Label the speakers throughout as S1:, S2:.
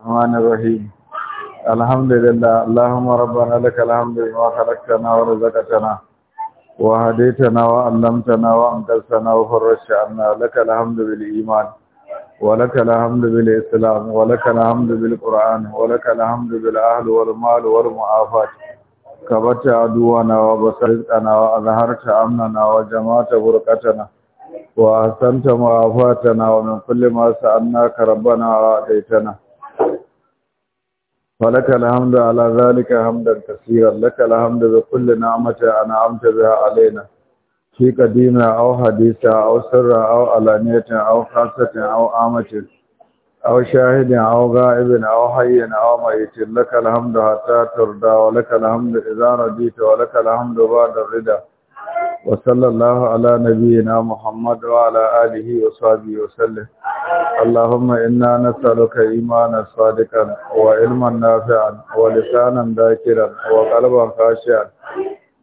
S1: الرحمن الرحيم الحمد لله اللهم ربنا لك الحمد لما خلقتنا ورزقتنا وهديتنا وعلمتنا وأنقذتنا وفرجت عنا لك الحمد بالإيمان ولك الحمد بالإسلام ولك الحمد بالقرآن ولك الحمد بالأهل والمال والمعافاة كبت عدونا وبسرتنا وأظهرت أمننا وجمعت بركتنا وأحسنت معافاتنا ومن كل ما سألناك ربنا وأعطيتنا فلك الحمد على ذلك حمدا كثيرا لك الحمد بكل نعمة أنعمت بها علينا في قديمة أو حديثة أو سرة أو علانية أو خاصة أو عامة أو شاهد أو غائب أو حي أو ميت لك الحمد حتى ترضى ولك الحمد إذا رضيت ولك الحمد بعد الرضا وصلى الله على نبينا محمد وعلى آله وصحبه وسلم اللهم إنا نسألك إيمانا صادقا وعلما نافعا ولسانا ذاكرا وقلبا خاشعا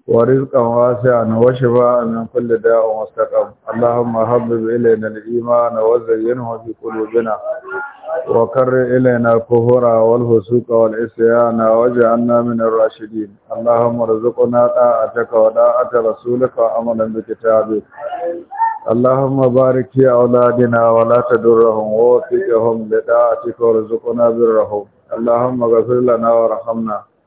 S1: ورزقا واسعا وشفاء من كل داء مستقم اللهم حبب إلينا الإيمان وزينه في قلوبنا وكر إلينا الكفر والفسوق والعصيان واجعلنا من الراشدين اللهم رزقنا طاعتك وطاعة رسولك وعملا بكتابك اللهم بارك في أولادنا ولا تدرهم ووفقهم لطاعتك ورزقنا برهم اللهم غفر لنا ورحمنا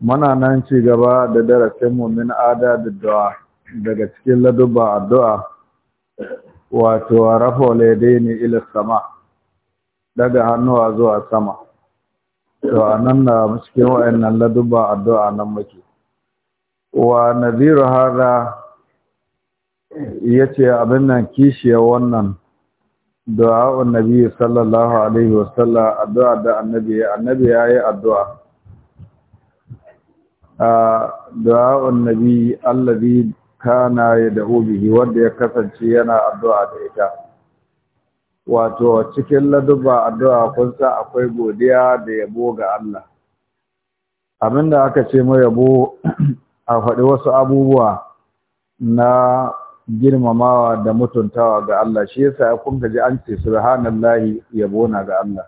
S1: muna nan ci gaba da mu min ada da du'a daga cikin ladubba addu'a wato rafa ladaini ila sama daga hannuwa zuwa sama to anan na cikin wa'annan ladubba addu'a nan muke wa nadhiru hada yace abin nan kishiyar wannan du'a annabi sallallahu alaihi wasallam addu'a da annabi annabi yayi addu'a du'a'un nabi allazi kana yad'u bihi wanda ya kasance yana addu'a da ita wato cikin ladubba addu'a kun sa akwai godiya da yabo ga Allah abinda aka ce mai yabo a faɗi wasu abubuwa na girmamawa da mutuntawa ga Allah shi yasa kun gaji an ce subhanallahi yabo na ga Allah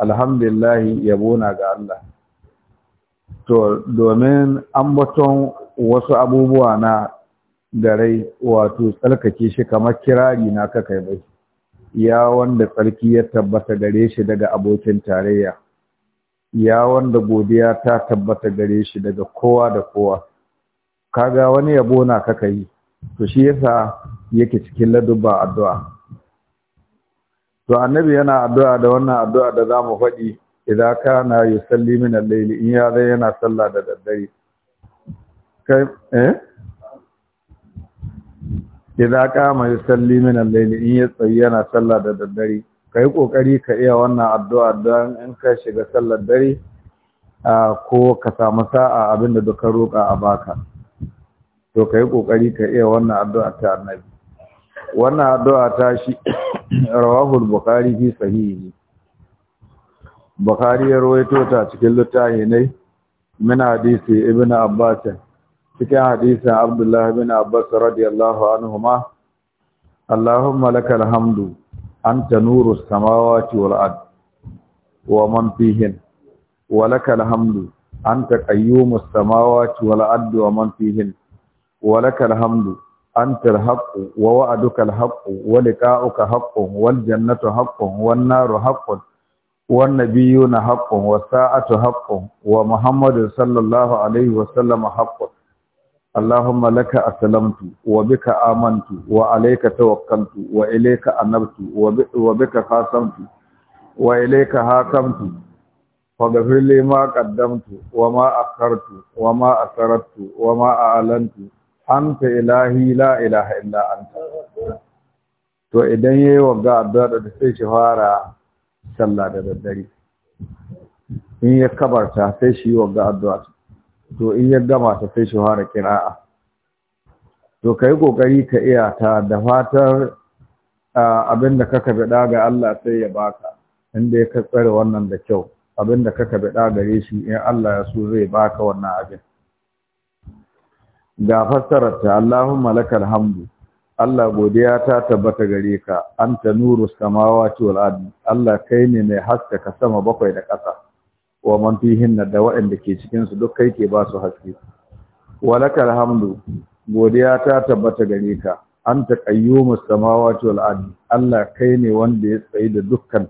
S1: alhamdulillah yabo na ga Allah to domin ambaton wasu abubuwa na da rai, wato tsarkake shi kamar kirari na kakai bai ya wanda tsarki ya tabbata gare shi daga abokin tarayya ya wanda godiya ta tabbata gare shi daga kowa da kowa kaga wani yabo na kaka yi to shi yasa yake cikin ladubba addu'a to annabi yana addu'a da wannan addu'a da za mu faɗi idza kana yusalli min al-layli in ya zai yana sallah da daddare kai eh idza kama yusalli min al-layli in ya tsayi yana sallah da daddare kai kokari ka iya wannan addu'a don in ka shiga sallar dare ko ka samu sa'a abinda duka roƙa a baka to kai kokari ka iya wannan addu'a ta annabi wannan addu'a ta shi rawahu al-bukhari fi sahihi bukhari ya rawaito ta cikin littafi ne min hadisi ibnu abbas cikin hadisin abdullah ibn abbas radiyallahu anhuma allahumma lakal hamdu anta nuru samawati wal ard wa man fihin wa lakal hamdu anta qayyumus samawati wal ard wa man fihin wa lakal hamdu haqq wa liqa'uka haqqun wal jannatu haqqun wan naru haqqun والنبيون حق والساعة حق ومحمد صلى الله عليه وسلم حق اللهم لك أسلمت وبك آمنت وعليك توكلت وإليك أنبت وبك خاصمت وإليك هاتمت فاغفر لي ما قدمت وما أخرت وما أسررت وما أعلنت أنت إلهي لا إله إلا أنت تو idan yayi wagga addu'a da sai shi fara sallah da daddare in ya kabarta sai shi wagga addu'a to in ya gama ta sai shi fara kira'a to kai kokari ka iya ta da fatar abin da kaka bada ga Allah sai ya baka inda ya katsare wannan da kyau abin da kaka bada gare shi in Allah ya so zai baka wannan abin ga fassarar ta Allahumma lakal hamdu Allah godiya ta tabbata gare ka anta nuru samawati wal ardi Allah kai ne mai haskaka sama bakwai da ƙasa wa man fihin da waɗanda ke cikin su duk kai ke ba su haske Walakar hamdu godiya ta tabbata gare ka anta qayyumus samawati wal ardi Allah kai ne wanda ya tsayi da dukkan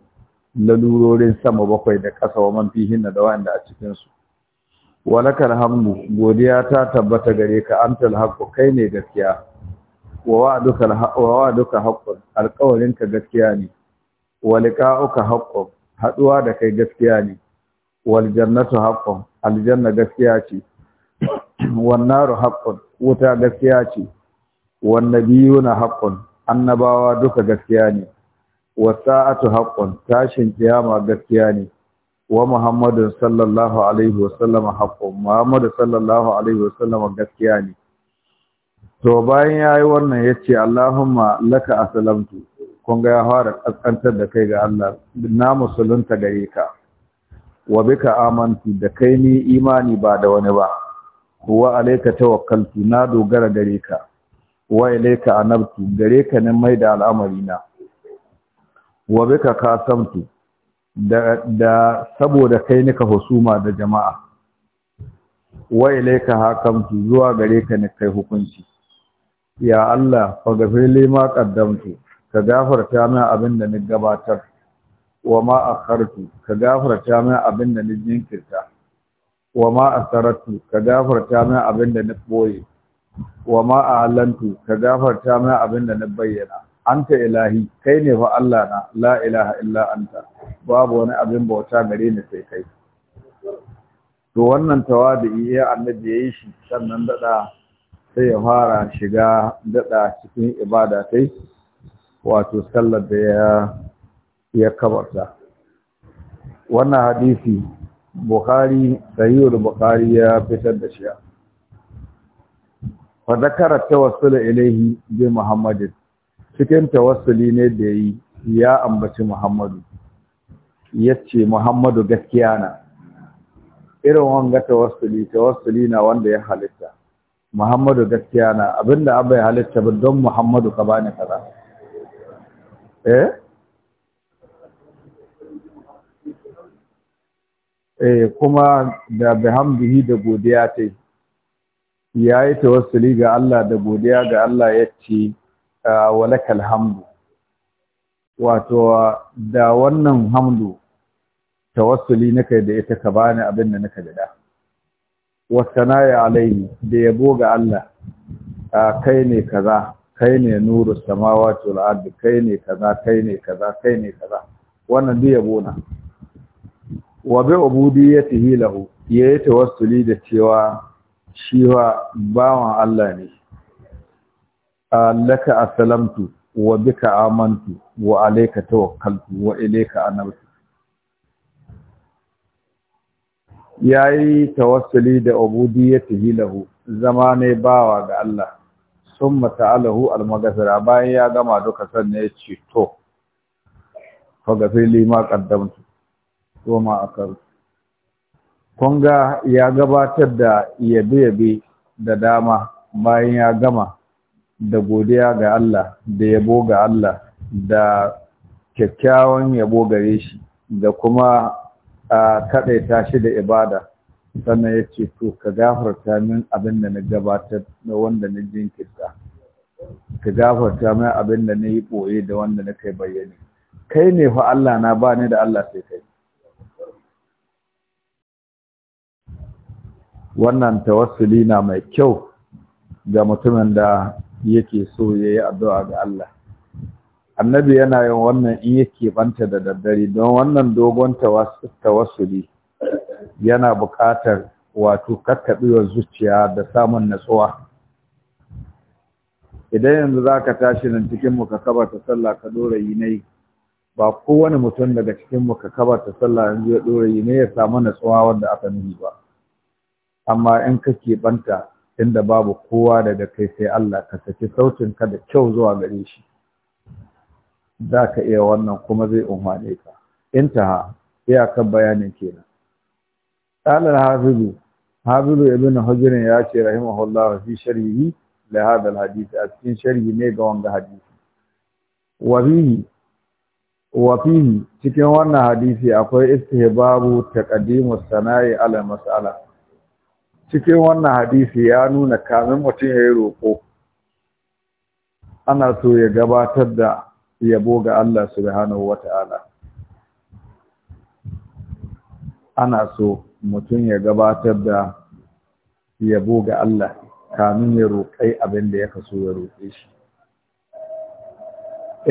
S1: lalurorin sama bakwai da ƙasa wa man fihin da waɗanda a cikin su hamdu godiya ta tabbata gare ka ta haqqu kai ne gaskiya wa wa'aduka haqqun alƙawarinka gaskiya ne wa liqa'uka haqqun haduwa da kai gaskiya ne Waljannatu haƙƙon, aljanna gaskiya ce Wannaru haƙƙon, wuta gaskiya ce wan nabiyuna haqqun annabawa duka gaskiya ne wa sa'atu haqqun tashin kiyama gaskiya ne wa Muhammadu sallallahu alaihi wasallam haƙƙon. muhammadu sallallahu alaihi wasallam gaskiya ne to bayan ya yi wannan ya ce Allahumma laka asalamtu kun ga ya fara kaskantar da kai ga Allah na musulunta gare ka wa bika amantu da kai ni imani ba da wani ba huwa alayka tawakkaltu na dogara gare ka wa ilayka anabtu gare ka ne mai da al'amari na wa bika kasamtu da saboda kai nika husuma da jama'a wa ilayka hakamtu zuwa gare ka ne kai hukunci ya Allah fa gafirli ma kaddamtu, ka gafarta min abin da ni gabatar wa ma akhartu ka gafarta min abin da ni jinkirta wa ma asaratu ka gafarta min abin da ni boye wa ma a'lantu ka gafarta min abin da ni bayyana anta ilahi kai ne fa Allah na la ilaha illa anta babu wani abin bauta gare ni sai kai to wannan tawadi iya eh, annabi yayi shi sannan dada sai ya fara shiga daɗa cikin ibada yi? wato sallar da ya ya kabarta wannan hadisi bukhari sahihul bukhari ya fitar da shi fa zakara tawassul ilayhi bi muhammadin cikin tawassuli ne da yi ya ambaci muhammadu yace muhammadu gaskiya na irin wanga tawassuli tawassuli na wanda ya halitta muhammadu gaskiya na abinda abai halitta ba don muhammadu ka bani kaza eh eh kuma da bihamdihi da godiya ta ya yi wasuli ga Allah da godiya ga Allah ya ce walakal hamdu wato da wannan hamdu wasuli nake da ita ka bani abin da nake da Wasana ya alaihi da yabo ga Allah kai ne kaza kai ne nuru samawati wal kai ne kaza kai ne kaza kai ne kaza wannan da yabo na wa bi ubudiyyatihi lahu yayi tawassuli da cewa shi wa bawan Allah ne laka aslamtu wa bika amantu wa alayka tawakkaltu wa ilayka anabtu Ya yi tawassuli da ubudiyyatihi lahu zama ne bawa ga Allah summa ta'alahu al-maghfira bayan ya gama duka sannan ya ce to fa fili ma qaddamtu wa ma akartu kun ga ya gabatar da yabe-yabe da dama bayan ya gama da godiya ga Allah da yabo ga Allah da kyakkyawan yabo gare shi da kuma A kaɗaita shi da ibada sannan ya ce to ka gafarta min abin da na gabatar da wanda na jinkirta ka gafarta min abin da na yi ɓoye da wanda na kai bayyane kai ne fa Allah na ba ni da Allah sai kai wannan tawassuli na mai kyau ga mutumin da yake so ya yi addu'a ga Allah annabi yana yin wannan in yake banta da daddare don wannan dogon tawassuli yana buƙatar wato kakkaɓewar zuciya da samun natsuwa idan yanzu za ka tashi nan cikinmu ka kaba ta sallah ka ɗora yi nai ba kowane mutum daga cikin ka kaba ta sallah yanzu ya ɗora yi nai ya samu natsuwa wanda aka nuni ba amma in ka keɓanta inda babu kowa daga kai sai Allah ka saki sautin ka da kyau zuwa gare shi za ka iya wannan kuma zai umarne ka intaha iyakar bayanin kenan qala hafizu hafizu hafiz ibn hajjirin ya ce rahimahullah fi sharhi la hada al-hadith a cikin sharhi ne ga wanda hadisi wa fihi wa fihi cikin wannan hadisi akwai istihbabu taqdimu sana'i ala mas'ala cikin wannan hadisi ya nuna kamin mutum ya yi roƙo ana so ya gabatar da yabo ga Allah subhanahu wa ta'ala ana so mutum ya gabatar da yabo ga Allah kamin ya roƙai abin da ya kaso ya roƙe shi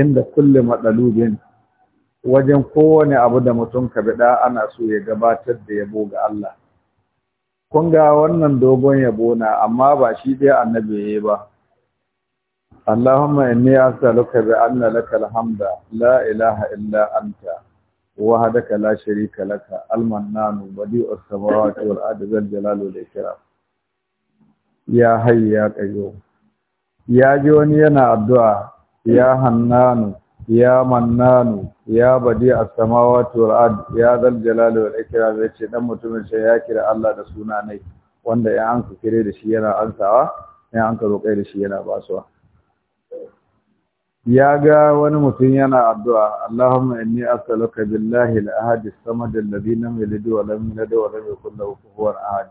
S1: inda kulle matsalubin wajen kowane abu da mutum ka bida ana so ya gabatar da yabo ga Allah kun ga wannan dogon yabo na amma ba shi dai annabi ya ba Allahumma inni as'aluka bi anna lakal hamda la ilaha illa anta wahdaka la sharika laka al-mannanu badi'us ya hayy ya qayyum ya ji wani yana addu'a ya hannanu ya mannanu ya badi'us samawati wal ya zal jalali wal ikram yace dan mutumin sai ya kira Allah da sunanai wanda ya an kire da shi yana ansawa ya anka karo kai da shi yana basuwa ya ga wani mutum yana addu'a Allahumma inni as'aluka billahi al ahadi samad alladhi lam yalid wa lam yulad wa lam yakul lahu kufuwan ahad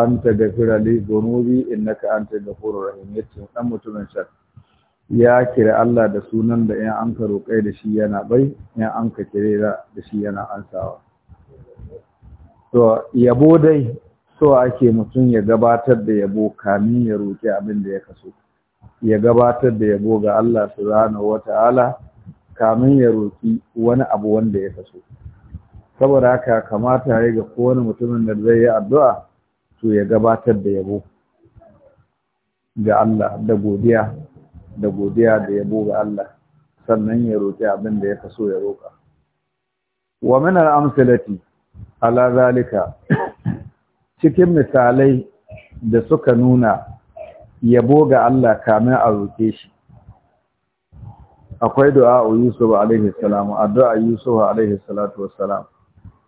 S1: anta ghafira li dhunubi innaka antal ghafurur rahim yace dan mutumin shar ya kira Allah da sunan da in an ka roƙai da shi yana bai in an ka kire da shi yana ansawa to yabo dai so ake mutum ya gabatar da yabo kamin ya roƙi abin da ya kaso ya gabatar da yabo ga Allah subhanahu wata'ala kamin ya roki wani abu wanda ya kaso saboda haka kamata ya ga kowane mutumin da zai yi addu'a to ya gabatar da yabo ga Allah da godiya da godiya da yabo ga Allah sannan ya roki abin da ya kaso ya roka wa min al-amsalati ala zalika cikin misalai da suka nuna yabo ga Allah kamin a roƙe shi akwai du'a Yusuf alaihi salamu addu'a Yusuf alaihi salatu wassalam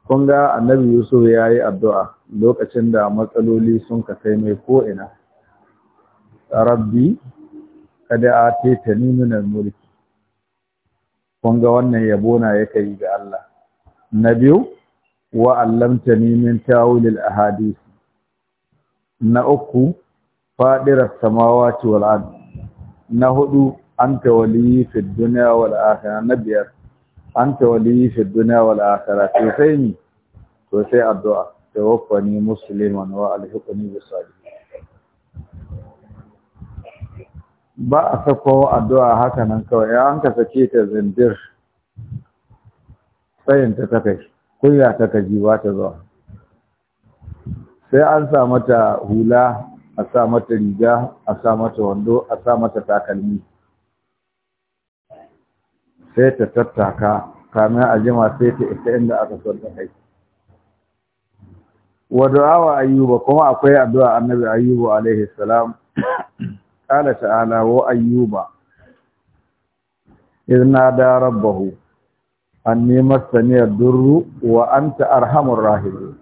S1: kun ga annabi Yusuf yayi addu'a lokacin da matsaloli sun ka kai mai ko ina rabbi kada atetani min al-mulki kun ga wannan yabo na yake ga Allah na biyu wa allamtani min tawil al-ahadith na uku fadirar samawati wal ard na hudu anta waliyi fi dunya wal akhirah na biyar anta waliyi fi dunya wal akhirah to sai ni to sai addu'a tawaffani musliman wa alhiqni bis salihin ba a sako addu'a haka nan kawai ya an ka sake ta zindir tsayin ta ta kai kunya ta kaji ba ta zuwa sai an sa mata hula a sa mata riga a sa mata wando a sa mata takalmi sai ta tattaka kamin a jima sai ta isa inda aka son ta kai wa awa ayyuba kuma akwai addu'a annabi ayyubu alaihi salam qala ta'ala wa ayyuba idna da rabbahu anni masani ad-durru wa anta arhamur rahimin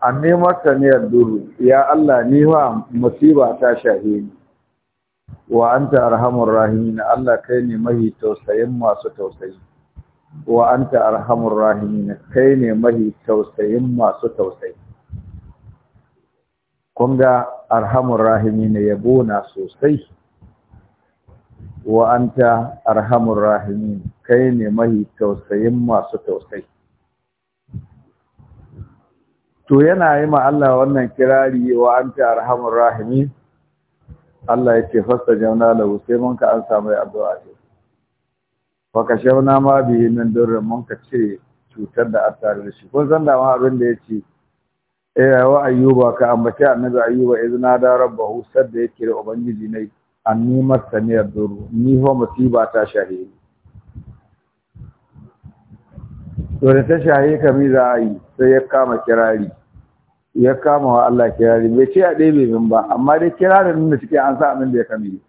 S1: annimaka ne duhu, ya Allah ni wa musiba ta shahe ni wa anta arhamur rahimin Allah kai ne mahi tausayin masu tausayi wa anta arhamur rahimin kai ne mahi tausayin masu tausayi kun ga arhamur rahimin yabo na sosai wa anta arhamur rahimin kai ne mahi tausayin masu tausayi to yana yi ma Allah wannan kirari wa anta arhamur rahimin Allah ya ce fasta jauna lahu sai mun ka an samu addu'a ce fa kashawna ma bihi nan durin mun ka cire cutar da tare da shi kun san da ma abin da yace eh wa ayyuba ka ambace annabi ayyuba izna da rabbahu sadda yake da ubangiji ne anni saniyar duru ni ho musiba ta shahidi to da ta shahe kami za a yi sai ya kama kirari ya kama wa Allah kirari bai ce a ɗebe min ba amma dai kirarin da suke an sa abin da ya kame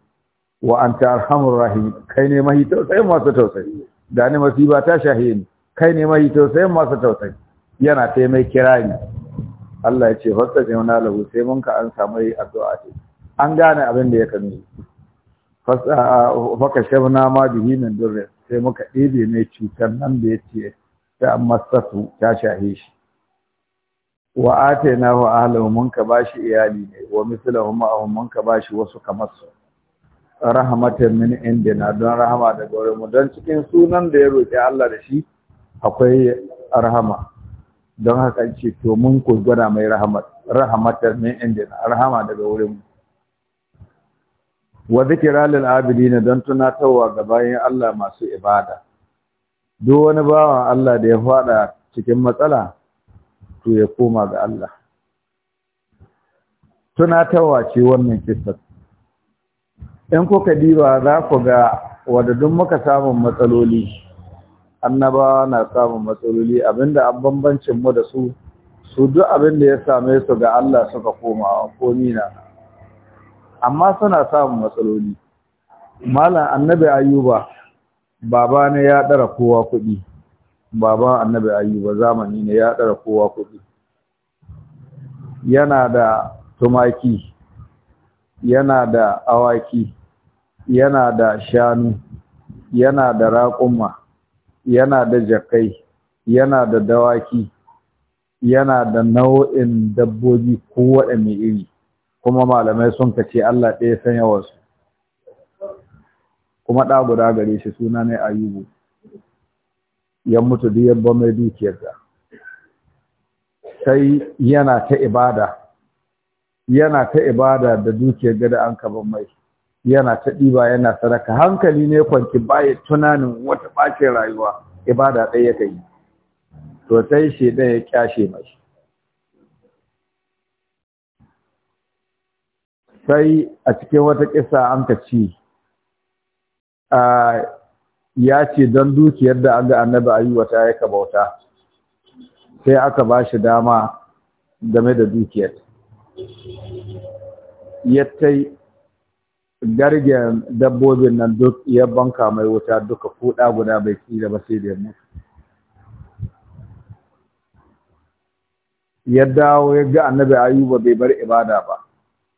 S1: wa an ta arhamur rahim kai ne mahi tausayin masu tausayi da ni masiba ta shahin kai ne mahi tausayin masu tausayi yana ta mai kirari Allah ya ce fasta ne wani alahu sai mun ka an samu addu'a ce an gane abin da ya kame faka na ma bihi min durri sai muka ɗebe mai cutar nan da ya ce ta masatu ta shahe shi wa atainahu ahlahu mun ka bashi iyali ne wa mithluhum ma'ahum mun ka bashi wasu kamar su rahmatan min indina don rahama daga wurin mu don cikin sunan da ya roki Allah da shi akwai rahama don haka ce to mun ku gwada mai rahmat rahmatan min indina rahama daga wurin mu wa zikra lil abidin don tunatawa ga bayin Allah masu ibada duk wani bawan Allah da ya fada cikin matsala to ya koma ga Allah tunatawa ce wannan kisar. in kuka diba za ku ga wadadun muka samun matsaloli annabawa na samun matsaloli abinda an bambancin mu da su su duk abinda ya same su ga Allah suka komawa ko nina amma suna samun matsaloli malam annabi ayuba babana ya ɗara kowa kuɗi baba annabi ayyuba zamani ne ya dara kowa kuɗi yana da tumaki yana da awaki yana da shanu yana da raƙumma yana da jakai yana da dawaki yana da nau'in dabbobi ko waɗanne iri kuma malamai sun kace Allah ɗaya san yawansu kuma ɗa guda gare shi suna ne ayubu ya mutu da yabba mai dukiyarsa sai yana ta ibada yana ta ibada da dukiyar gada an kaban mai yana ta ɗiba yana sadaka hankali ne kwanci baya tunanin wata ɓacin rayuwa ibada ɗaya ya kai to sai shi ɗaya ya kyashe mai sai a cikin wata ƙisa an ka ci ya ce don dukiyar da ga annabi ayuwa ta yaka bauta sai aka ba shi dama game da dukiyar yattai gargen dabbobin nan duk ya banka mai wuta duka kuɗa guda bai tsira ba sai da ya dawo ya ga annabi ayuba bai bar ibada ba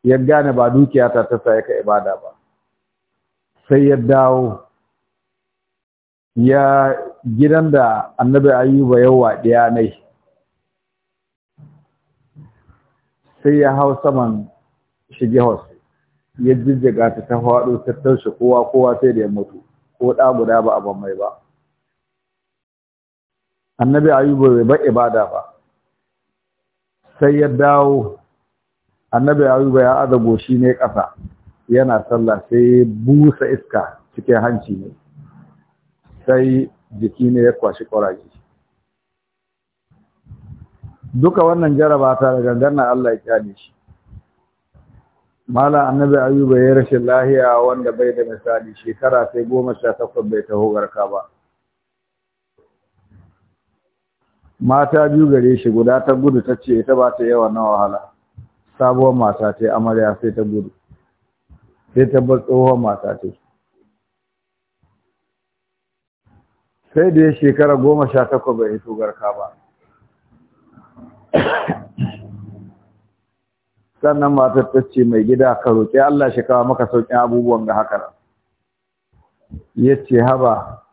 S1: ya gane ba dukiya ta ta sa yaka ibada ba sai ya dawo ya gidan da annabi ayyuba ya waɗiya nai sai ya hau saman shige ya jijjiga ta ta faɗo ta taushe kowa kowa sai da ya mutu ko ɗa guda ba a mai ba annabi ayyuba bai ba ibada ba sai ya dawo annabi ayyuba ya aza goshi ne ƙasa yana sallah sai busa iska cikin hanci ne sai jiki ne ya kwashi ƙwararri duka wannan jaraba ta da gangana Allah ya kyale shi mala annabi ayuba ya rashin lahiya wanda bai da misali shekara sai goma sha takwas bai taho garka ba mata biyu gare shi guda ta gudu ta ce ita ba ta yawa na wahala sabuwar mata ta amarya sai ta gudu sai ta bar tsohon mata ta sai da ya shekara goma sha takwas bai hito garka ba sannan matar ta ce mai gida ka roƙi Allah shi kawo maka sauƙin abubuwan ga haka ya ce haba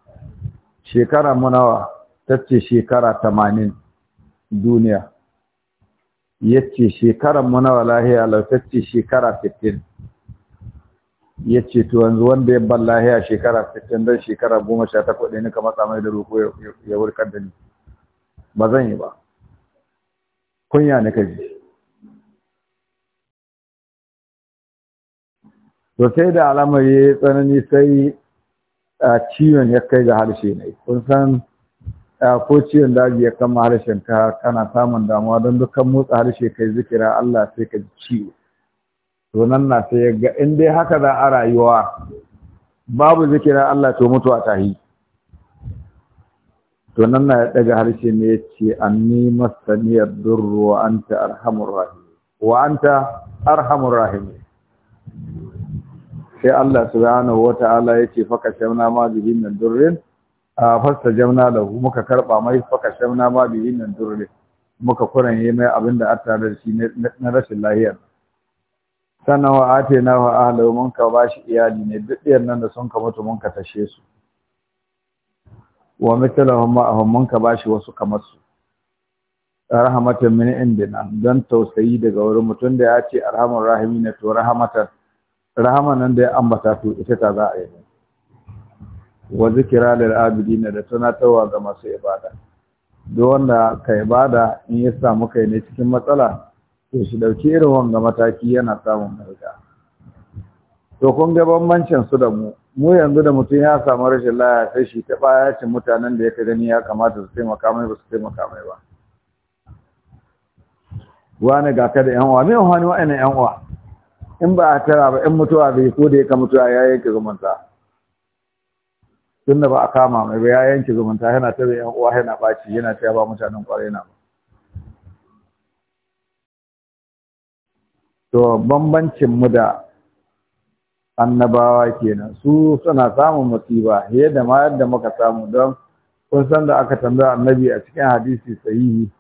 S1: shekara munawa ta ce shekara tamanin duniya ya ce shekara munawa lahiya lau ta ce shekara fitin ya ce to yanzu wanda ya balla lahiya shekara 60 dan shekara 18 ɗaya ka matsa mai da roƙo ya warkar da ni ba zan yi ba kunya na kaji to sai da alamar ya yi tsanani sai ciwon ya kai ga harshe ne kun san ko ciwon daji ya kama harshen ka kana samun damuwa don dukkan motsa harshe kai zikira Allah sai ka ji ciwo to nan na sai ga in dai haka za a rayuwa babu zikirin Allah to mutuwa ta yi to nan na ya daga harshe ne ya ce ni masaniyar durru wa ta arhamur rahim wa ta arhamur rahim sai Allah wata ala ya ce faka shamna ma bihin nan durrin a fasta jamna da muka karba mai faka shamna ma bihin nan durrin muka yi mai abinda a tare da shi na rashin lahiyar sannan wa ate na wa ahlahu mun ka bashi iyali ne duk ɗiyan nan da sun ka mutu mun ka tashe su wa mithlahum ma'ahum mun ka bashi wasu kamar su rahmatan min indina dan tausayi daga wurin mutum da ya ce arhamur rahimin to rahmatan rahama nan da ya ambata to ita ta za a yi wa zikira lil abidina da tunatarwa ga masu ibada duk wanda ka ibada in ya samu kai ne cikin matsala to shi dauki irin wanga mataki yana samun mafita to kun ga bambancin su da mu mu yanzu da mutum ya samu rashin laya sai shi ta baya ce mutanen da yake gani ya kamata su taimaka mai ba su taimaka mai ba wani ga ka da yan uwa me wani wa'annan yan uwa in ba a tara ba in mutuwa bai ko da yake mutuwa ya yanke zumunta tunda ba a kama mai ba ya yanke zumunta yana ta yan uwa yana baci yana ta ba mutanen kwarai na ba to bambancin mu da annabawa kenan su suna samun musiba fiye da ma yadda muka samu don kun san da aka tambaya annabi a cikin hadisi sahihi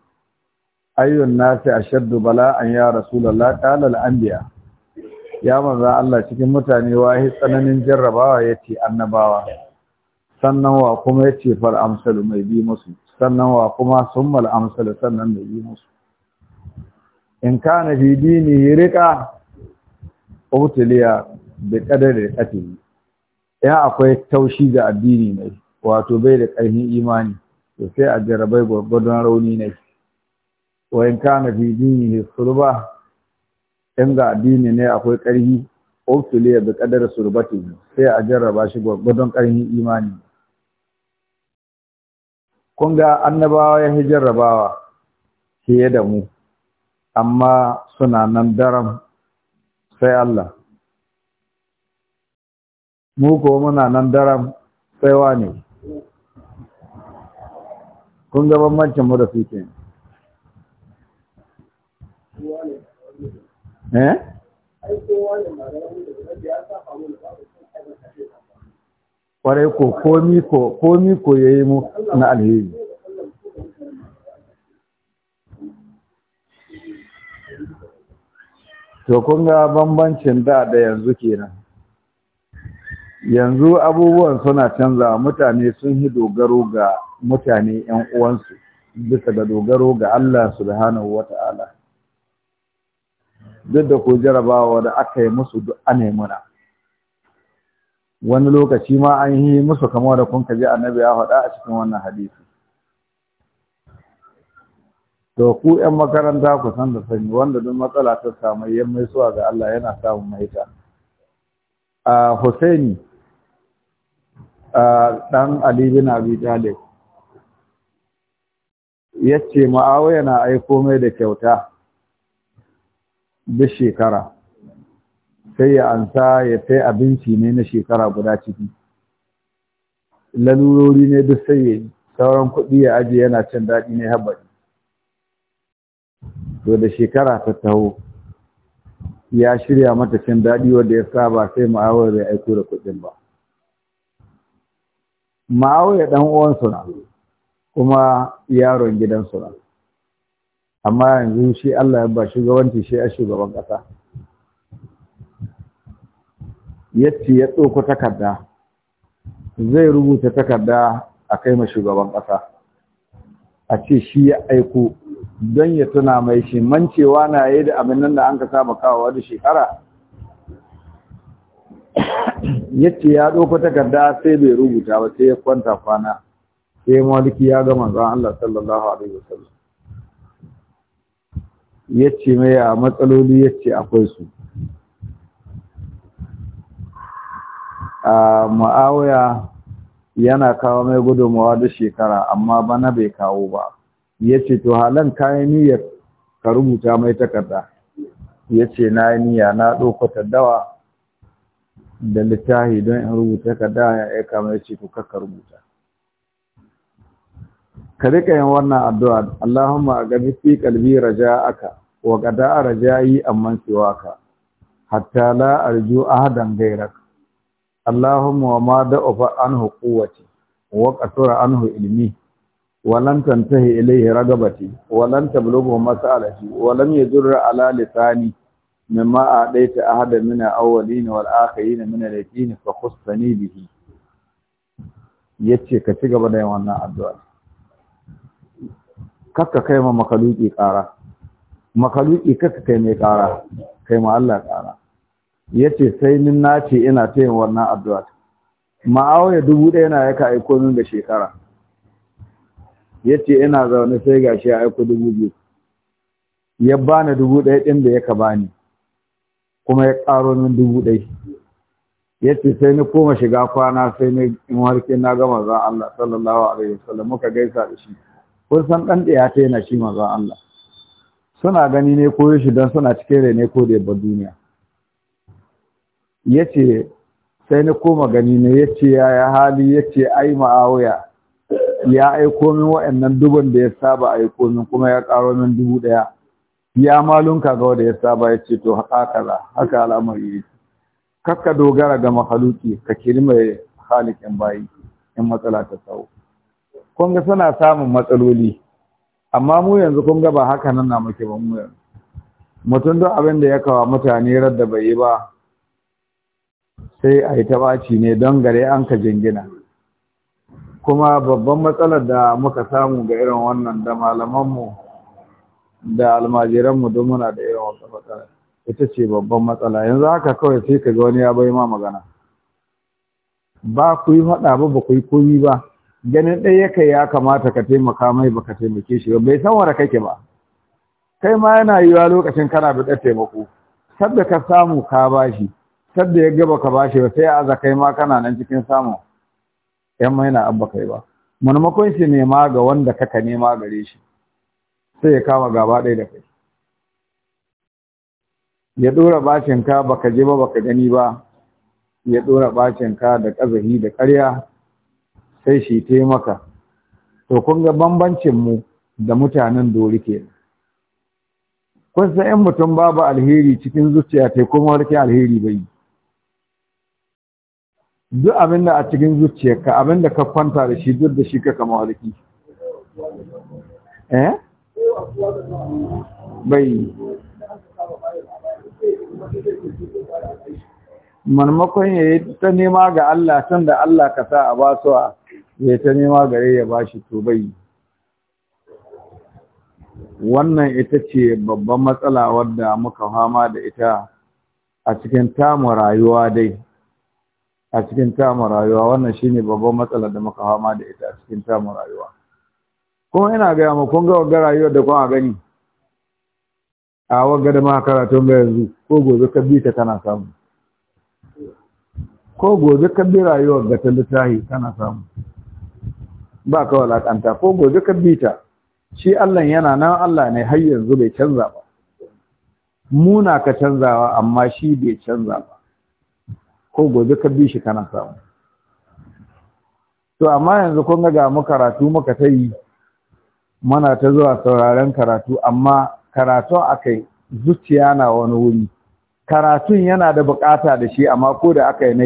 S1: ayyun nasi ashaddu an ya rasulullah ta'ala al-anbiya ya manzo Allah cikin mutane wahi tsananin jarrabawa yace annabawa sannan wa kuma yace fal amsalu mai bi musu sannan wa kuma summal amsalu sannan mai bi musu in kana fi dini riqa ubtiliya da qadari qatli ya akwai taushi ga addini ne wato bai da ƙarfin imani to sai a jarabai gwargwadon rauni ne wa in kana fi dini surba in ga addini ne akwai ƙarfi ubtiliya bi ta surbati sai a jarraba shi gwargwadon ƙarfin imani kun ga annabawa ya jarrabawa fiye da mu amma suna nan daram sai Allah mu ko muna nan daram sai ne, kun ga bambancin mu da su eh? kwarai ko komi ko yayi mu na alheri to kun ga bambancin da da yanzu kenan yanzu abubuwan suna canza mutane sun yi dogaro ga mutane yan uwansu bisa ga dogaro ga Allah subhanahu wata'ala duk da ku jarabawa da aka yi musu duk ane muna wani lokaci ma an yi musu kamar da kun kaji annabi ya faɗa a cikin wannan hadisi to ku yan makaranta ku san da sani wanda duk matsala ta samu yan mai suwa ga Allah yana samun maita a Husaini a dan Ali bin Abi Talib yace Muawiya na aiko mai da kyauta duk shekara sai ya ansa ya sai abinci ne na shekara guda ciki lalurori ne duk sai ya sauran kuɗi ya aje yana cin daɗi ne habari to da shekara ta taho ya shirya mata cin daɗi wanda ya saba sai ma'awar bai aiko da kuɗin ba ma'awar ɗan uwan na kuma yaron gidansu na amma yanzu shi Allah ya ba shugabanci shi a shugaban ƙasa yace ya tsoko takarda zai rubuta takarda a kai ma shugaban ƙasa a ce shi ya aiko don ya tuna mai shi mancewa na yi da abin nan da an ka saba kawowa da shekara yace ya ɗauko takarda sai bai rubuta ba sai ya kwanta kwana sai maliki ya ga manzon Allah sallallahu alaihi wasallam yace mai a matsaloli yace akwai su a yana kawo mai gudunmawa da shekara amma bana bai kawo ba ya ce to halan kayan niyyar ka rubuta mai takarda ya ce na yi niyya na ɗauko dawa da littafi don in rubuta takarda ya aika mai ce to kakka rubuta ka rika yin wannan addu'a Allahumma agabi fi qalbi raja'aka wa qada'a raja'i amman siwaka hatta la arju ahadan ghayrak Allahumma wa ma da'afa anhu quwwati wa qatura anhu ilmi ولن تنتهي إليه رغبتي ولن تبلغه مسألتي ولم يجر على لساني مما أعطيت أحد من الأولين والآخرين من اليتين فخصني به yace ka ci gaba da yin wannan addu'a kakka kai ma makaluki ƙara makaluki kakka kai mai ƙara kai ma Allah ƙara yace sai min nace ina ta yin wannan addu'a ma'awo dubu ɗaya na yaka aiko min da shekara ya ce ina zaune sai ga shi ya aiko dubu biyu ya bani dubu ɗaya ɗin da ya ka bani kuma ya ƙaro min dubu ɗaya ya ce sai ni koma shiga kwana sai ni in warke na gama za Allah sallallahu alaihi wasallam muka gaisa da shi kun san ɗan ɗaya ta yana shi maza Allah suna gani ne ko shi don suna cikin rai ne ko da yabba duniya ya ce sai ni koma gani ne ya ce yaya hali ya ce ai ma'awuya ya aiko min wa'annan dubun da ya saba aiko min kuma ya karo min dubu ɗaya ya malunka ga wanda ya saba ya ce to haka za haka al'amari yake kakka dogara ga mahaluki ka kiri mai halikin bayi in matsala ta tsawo kun ga suna samun matsaloli amma mu yanzu kun ga ba haka nan na muke ba mu yanzu mutum duk abin da ya kawo mutane radda bai yi ba sai a yi ta ɓaci ne don gare an ka jingina kuma babban matsalar da muka samu ga irin wannan da malamanmu da almajiranmu don muna da irin wata matsala ita ce babban matsala yanzu haka kawai sai ka ga wani ya bai ma magana ba ku yi faɗa ba ba ku yi komi ba ganin ɗaya kai ya kamata ka taimaka mai ba ka taimake shi ba bai san wanda kake ba kai ma yana yiwuwa lokacin kana da taimako sadda ka samu ka bashi sadda ya gaba ka bashi ba sai a aza kai ma kana nan cikin samu yan mai na abba kai ba manmakon shi nema ga wanda kaka nema gare shi sai ya kama gaba ɗaya da kai ya ɗora bacinka baka je ba baka gani ba ya ɗora bacinka da ƙazahi da ƙarya sai shi taimaka to kun ga bambancin mu da mutanen dori ke kun san 'yan mutum babu alheri cikin zuciya ta kuma warke alheri bai duk abin da a cikin zuciyarka abin da ka kwanta da shi duk da shi ka kama waliki eh bai marmakon ya yi ta nema ga Allah san da Allah ka sa a basuwa ya yi ta nema gare ya ba shi, to bai wannan ita ce babban matsala wadda muka fama da ita a cikin tamu rayuwa dai a cikin tamu rayuwa wannan shine babban matsalar da muka fama da ita a cikin tamu rayuwa kuma ina gaya ma kun ga wagga rayuwar da kuma gani a wagga da ma karatun ga yanzu ko gobe ka bi ta kana samu ko gobe ka bi rayuwar ga ta littahi kana samu ba ka walakanta ko gobe ka bi ta shi Allah yana nan Allah ne har yanzu bai canza ba muna ka canzawa amma shi bai canza ba ko gobe ka bi shi kana samu to amma yanzu kun ga mu karatu muka ta yi mana ta zuwa sauraren karatu amma karatu akai zuciya na wani wuri karatun yana da bukata da shi amma ko da aka yi na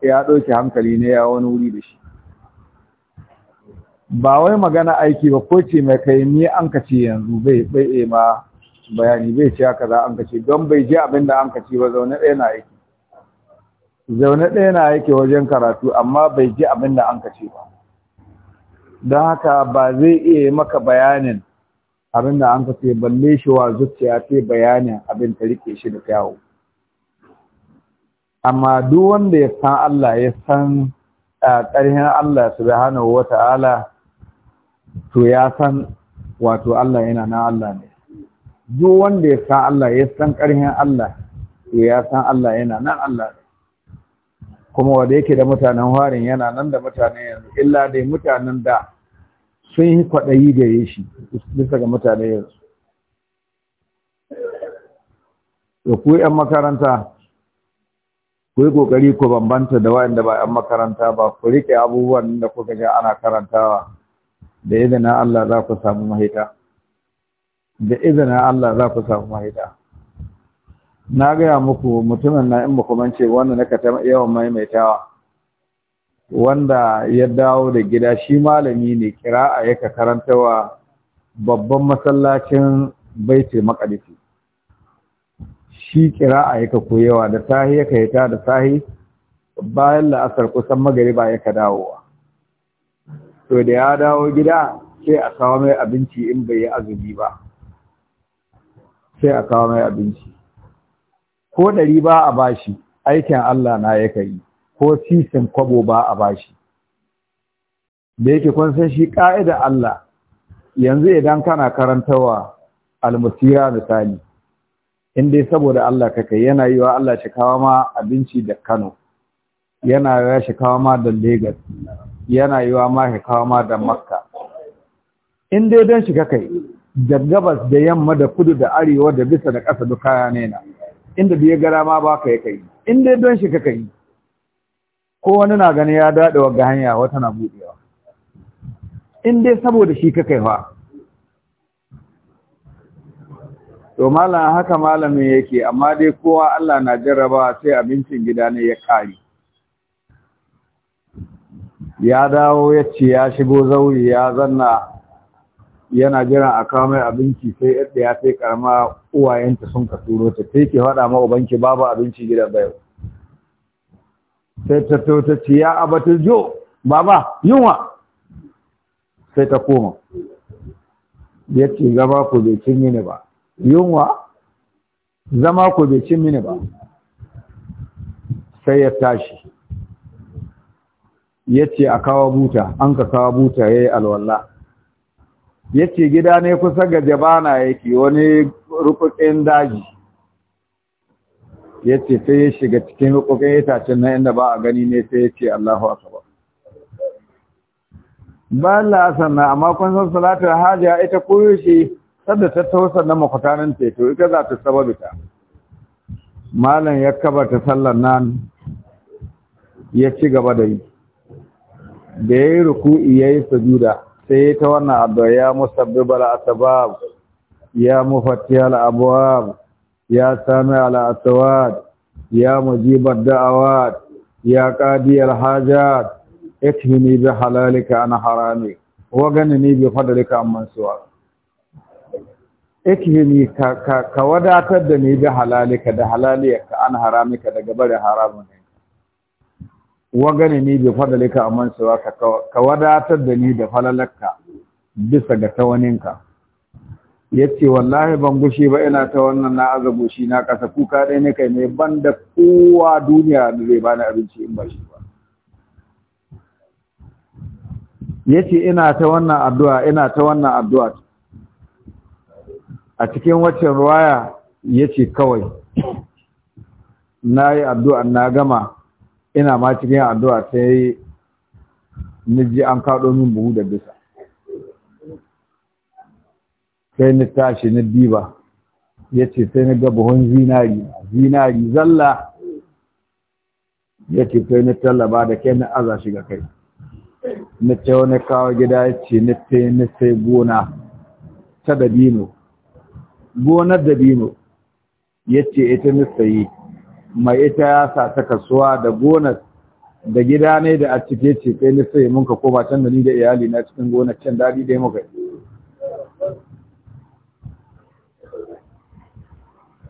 S1: ya ɗauki hankali na ya wani wuri da shi ba wai magana aiki ba ko ce mai kai ni an ka ce yanzu bai bai ma bayani bai ce haka za an ka ce don bai ji abin da an ka ce ba zaune ɗaya na aiki zaune ɗaya na yake wajen karatu amma bai ji abin da an kace ba don haka ba zai iya yi maka bayanin abin da an kace balle shi wa zuciya ce bayanin abin ta rike shi da kyawu amma duk wanda ya san Allah ya san ƙarhin Allah subhanahu ta'ala to ya san wato Allah yana na Allah ne duk wanda ya san Allah ya san ƙarhin Allah to ya san Allah yana nan Allah ne kuma wanda yake da mutanen harin yana nan da mutanen yanzu illa dai mutanen da sun yi kwaɗayi ya shi bisa ga mutane yanzu da ku 'yan makaranta ku yi ƙoƙari ku bambanta da waɗanda ba 'yan makaranta ba ku riƙe abubuwan da kuka ga ana karantawa da izinin Allah za ku samu mahita da izinin Allah za ku samu mahita na gaya muku mutumin na in makamance wanda na kata yawan maimaitawa wanda ya dawo da gida shi malami ne a yaka karantawa babban masallacin baitul maqdis shi kira a yaka koyewa da sahi yaka yata da sahi bayan la'asar kusan magariba yaka dawowa to da ya dawo gida sai a kawo mai abinci in bai yi azumi ba sai a kawo mai abinci ko ɗari ba a bashi aikin Allah na ya kai ko sisin kwabo ba a bashi da yake kun san shi ƙa'ida Allah yanzu idan kana karantawa almusira misali in dai saboda Allah ka kai yana yi wa Allah shi kawo ma abinci da Kano yana yi wa shi kawo ma da Lagos yana yi ma shi kawo ma da Makka in dai don shi ka kai da gabas da yamma da kudu da arewa da bisa da ƙasa duk ya nena inda da gara ma ba ka yi, kai in dai don shi ka kai ko wani na gani ya daɗe wa ga hanya wata na buɗewa in dai saboda shi ka kai fa to malam haka malamin yake amma dai kowa Allah na jarraba sai abincin gida ne ya kare ya dawo ya ce ya shigo zauri ya zanna yana jiran a kawo mai abinci sai yadda ya sai karama uwayenta sun ka turo ta sai ke faɗa ma ubanki babu abinci gidan bayo sai ta to ta ce ya abata jo baba yunwa sai ta koma ya ce zama ku bai cin mini ba yunwa zama ku bai cin mini ba sai ya tashi ya ce a kawo buta an ka kawo buta ya yi alwallah yace gida ne kusa ga jabana yake wani rukukin daji yace sai ya shiga cikin rukukin itacen na inda ba a gani ne sai yace Allahu akbar ba sanna amma kun san salatul haja ita koyaushe sadda ta tausar na makwatanin teto ita za ta sababita malam ya kabata sallar nan ya ci gaba da yi da ya yi ruku'i ya yi sujuda sai ta wannan addu'a ya musabbibal asbab ya mufattihal abwab ya sami'al aswat ya mujibad da'awat ya qadiyal hajat ithini bi halalika an harami wa ganni bi fadlika amman mansuwa ikini ka, ka, ka wadatar da ni bi halalika da halaliyarka an haramika daga bare haramun wa gani ni bi fadalika amman sawa ka wadatar da ni da falalaka bisa ga tawaninka yace wallahi ban gushi ba ina ta wannan na azabu shi na kasa kuka dai ne kai ne da kowa duniya da zai bani abinci in ba shi ba yace ina ta wannan addu'a ina ta wannan addu'a a cikin waccan ruwaya yace kawai nayi addu'a na gama ina ma cikin addu'a sai ni ji an kaɗo min buhu da bisa sai ni tashi ni diba ya ce sai ni ga buhun zinari zinari zalla ya ce sai ni tallaba da kai na aza shiga kai na ce wani kawo gida ya ce na sai ni sai gona ta dabino gonar dabino ya ce ita na sayi mai ita ya sa ta kasuwa da gonar da gida ne da a cike ce kai ni sai mun ka koma can da ni da iyali na cikin gonar can dadi dai muka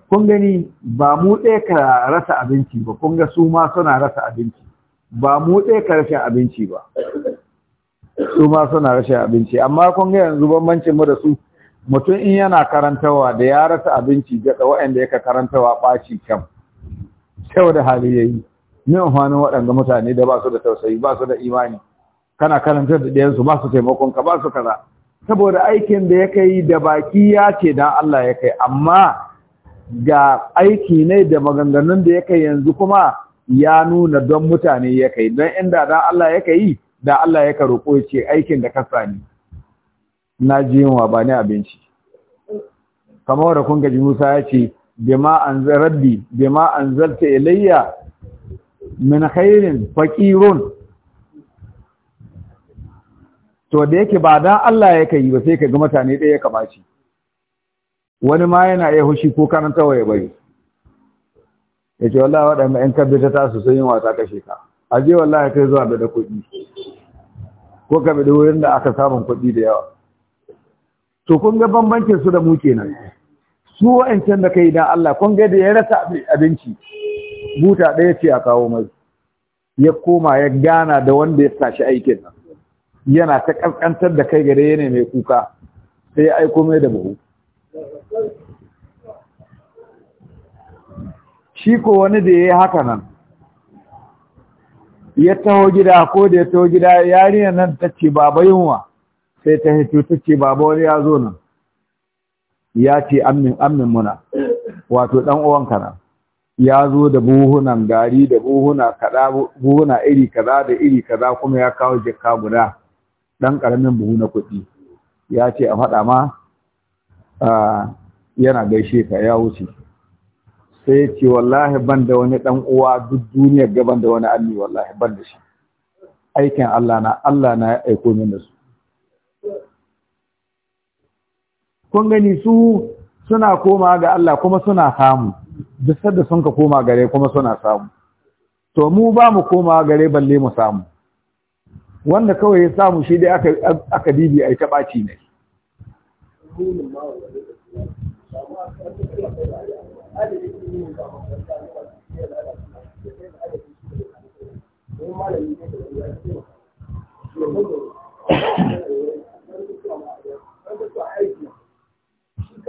S1: kun gani ba mu ɗaya ka rasa abinci ba kun ga su ma suna rasa abinci ba mu ɗaya ka rashin abinci ba su ma suna rashin abinci amma kun ga yanzu bambancin mu da su mutum in yana karantawa da ya rasa abinci ga waɗanda yake karantawa ɓaci kam. kyau da hali ya yi. ne amfanin waɗanda mutane da ba su da tausayi ba su da imani kana karantar da ɗayansu ba su taimakon ka ba su kaza saboda aikin da ya kai da baki ya ce dan Allah ya kai amma ga aiki ne da maganganun da ya kai yanzu kuma ya nuna don mutane ya kai don inda dan Allah ya kai da Allah ya roƙo ya aikin da ka sani na ji yunwa ba ni abinci kamar da kun gaji Musa ya ce bima anzal rabbi bima anzalta ilayya min khairin faqirun to da yake ba dan Allah ya yi ba sai ka ga mutane daya ya kamaci wani ma yana iya hushi ko karanta waye bari yace wallahi waɗanda ƴan kabbita ta su sun yi wata kashe ka aje wallahi kai zuwa da kuɗi ko ka bi wurin da aka samu kuɗi da yawa to kun ga bambancin su da mu kenan su wa'ancan da kai dan Allah kun ga da ya rasa abinci buta ɗaya ce a kawo mai ya koma ya gana da wanda ya tashi aikin yana ta kaskantar da kai gare yana mai kuka sai ya aiko mai da buhu shi ko wani da ya yi haka nan ya taho gida ko da ya taho gida yariya nan ta ce baba yunwa sai ta hito ta ce baba wani ya zo nan ya ce amin ammin muna wato dan uwan kana ya zo da buhunan gari da buhuna kada buhuna iri kaza da iri kaza kuma ya kawo jikka guda dan karamin buhu na kuɗi ya ce a faɗa ma yana gaishe ka ya wuce sai ce wallahi ban da wani dan uwa duk duniyar gaban da wani alli wallahi ban da shi aikin Allah na Allah na ya aiko min da su kun gani su suna koma ga Allah kuma suna samu duk da sun ka koma gare kuma suna samu to mu ba mu koma gare balle mu samu wanda kawai ya samu shi dai aka aka dibi ai ta baci ne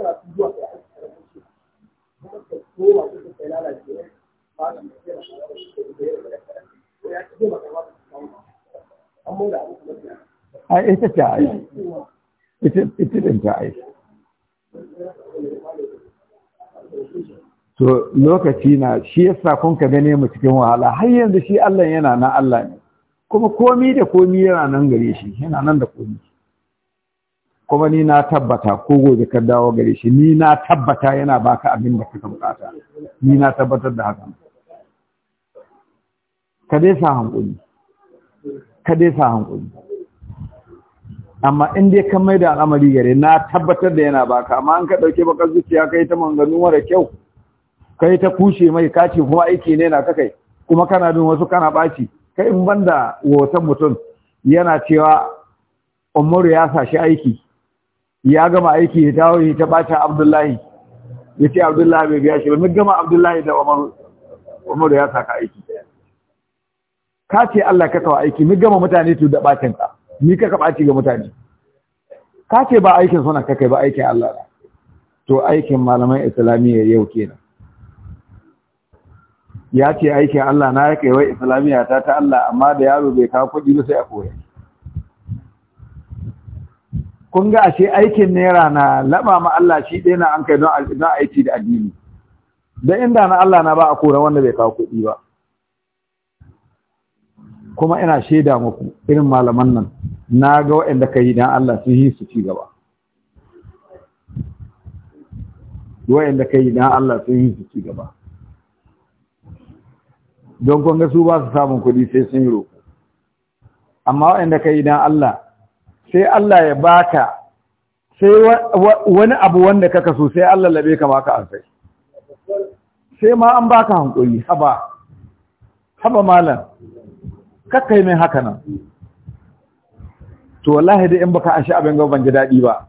S2: karatu shi ya ce ita
S1: ce ta to lokaci na shi yasa kun ka gane mu cikin wahala har yanzu shi Allah yana na Allah ne kuma komi da komi yana nan gare shi yana nan da komi kuma ni na tabbata ko gobe ka dawo gare shi ni na tabbata yana baka abin da kake bukata ni na tabbatar da haka ka dai sa hankuli ka dai sa hankuli amma in dai ka mai da al'amari gare na tabbatar da yana baka amma an ka dauke baka zuciya kai ta manganu mara kyau kai ta kushe mai kace kuma aiki ne na kakai kuma kana bin wasu kana baci kai in banda wata mutum yana cewa Umaru ya sashi aiki ya gama aiki ya dawo ya tabata abdullahi ya ce abdullahi bai biya shi ba gama abdullahi da umaru ya saka aiki ka ce Allah ka kawo aiki mai gama mutane tu da bacin ka ni ka kaba ga mutane ka ce ba aikin suna kakai ba aikin Allah to aikin malaman islamiyya yau kenan ya ce aikin Allah na ya kai wai islamiyya ta ta Allah amma da yaro bai kawo kuɗi ba sai a koya kun ga ashe aikin naira na laba ma Allah shi ɗaya na an kai don aiki da addini don inda na Allah na ba a kura wanda bai kawo kuɗi ba kuma ina shaida muku irin malaman nan na ga waɗanda ka yi don Allah sun yi su ci gaba waɗanda ka yi don Allah sun yi su ci gaba don kun ga su ba su samun kuɗi sai sun yi roƙo amma waɗanda ka yi don Allah sai Allah ya baka sai wani abu wanda kaka kaso sai Allah labe ka maka an sai sai ma an baka hankuri haba haba malam kakka yi min haka nan to wallahi da in baka ashi abin ban ji daɗi ba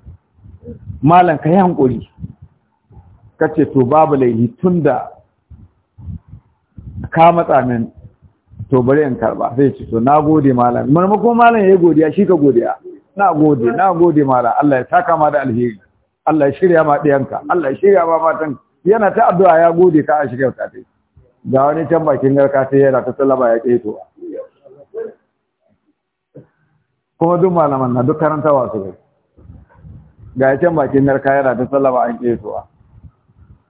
S1: malam ka yi Ka kace to babu laihi tunda ka matsa min to bari in karba sai ce to na gode malam marmako malam ya yi godiya shi ka godiya na gode na gode mala Allah ya saka ma da alheri Allah ya shirya ma ɗiyanka Allah ya shirya ma matan yana ta addu'a ya gode ka a shirya ta tai ga wani can bakin garka ta yana ta sallama ya keto kuma duk malaman na duk karantawa su ga can bakin garka yana ta sallama an keto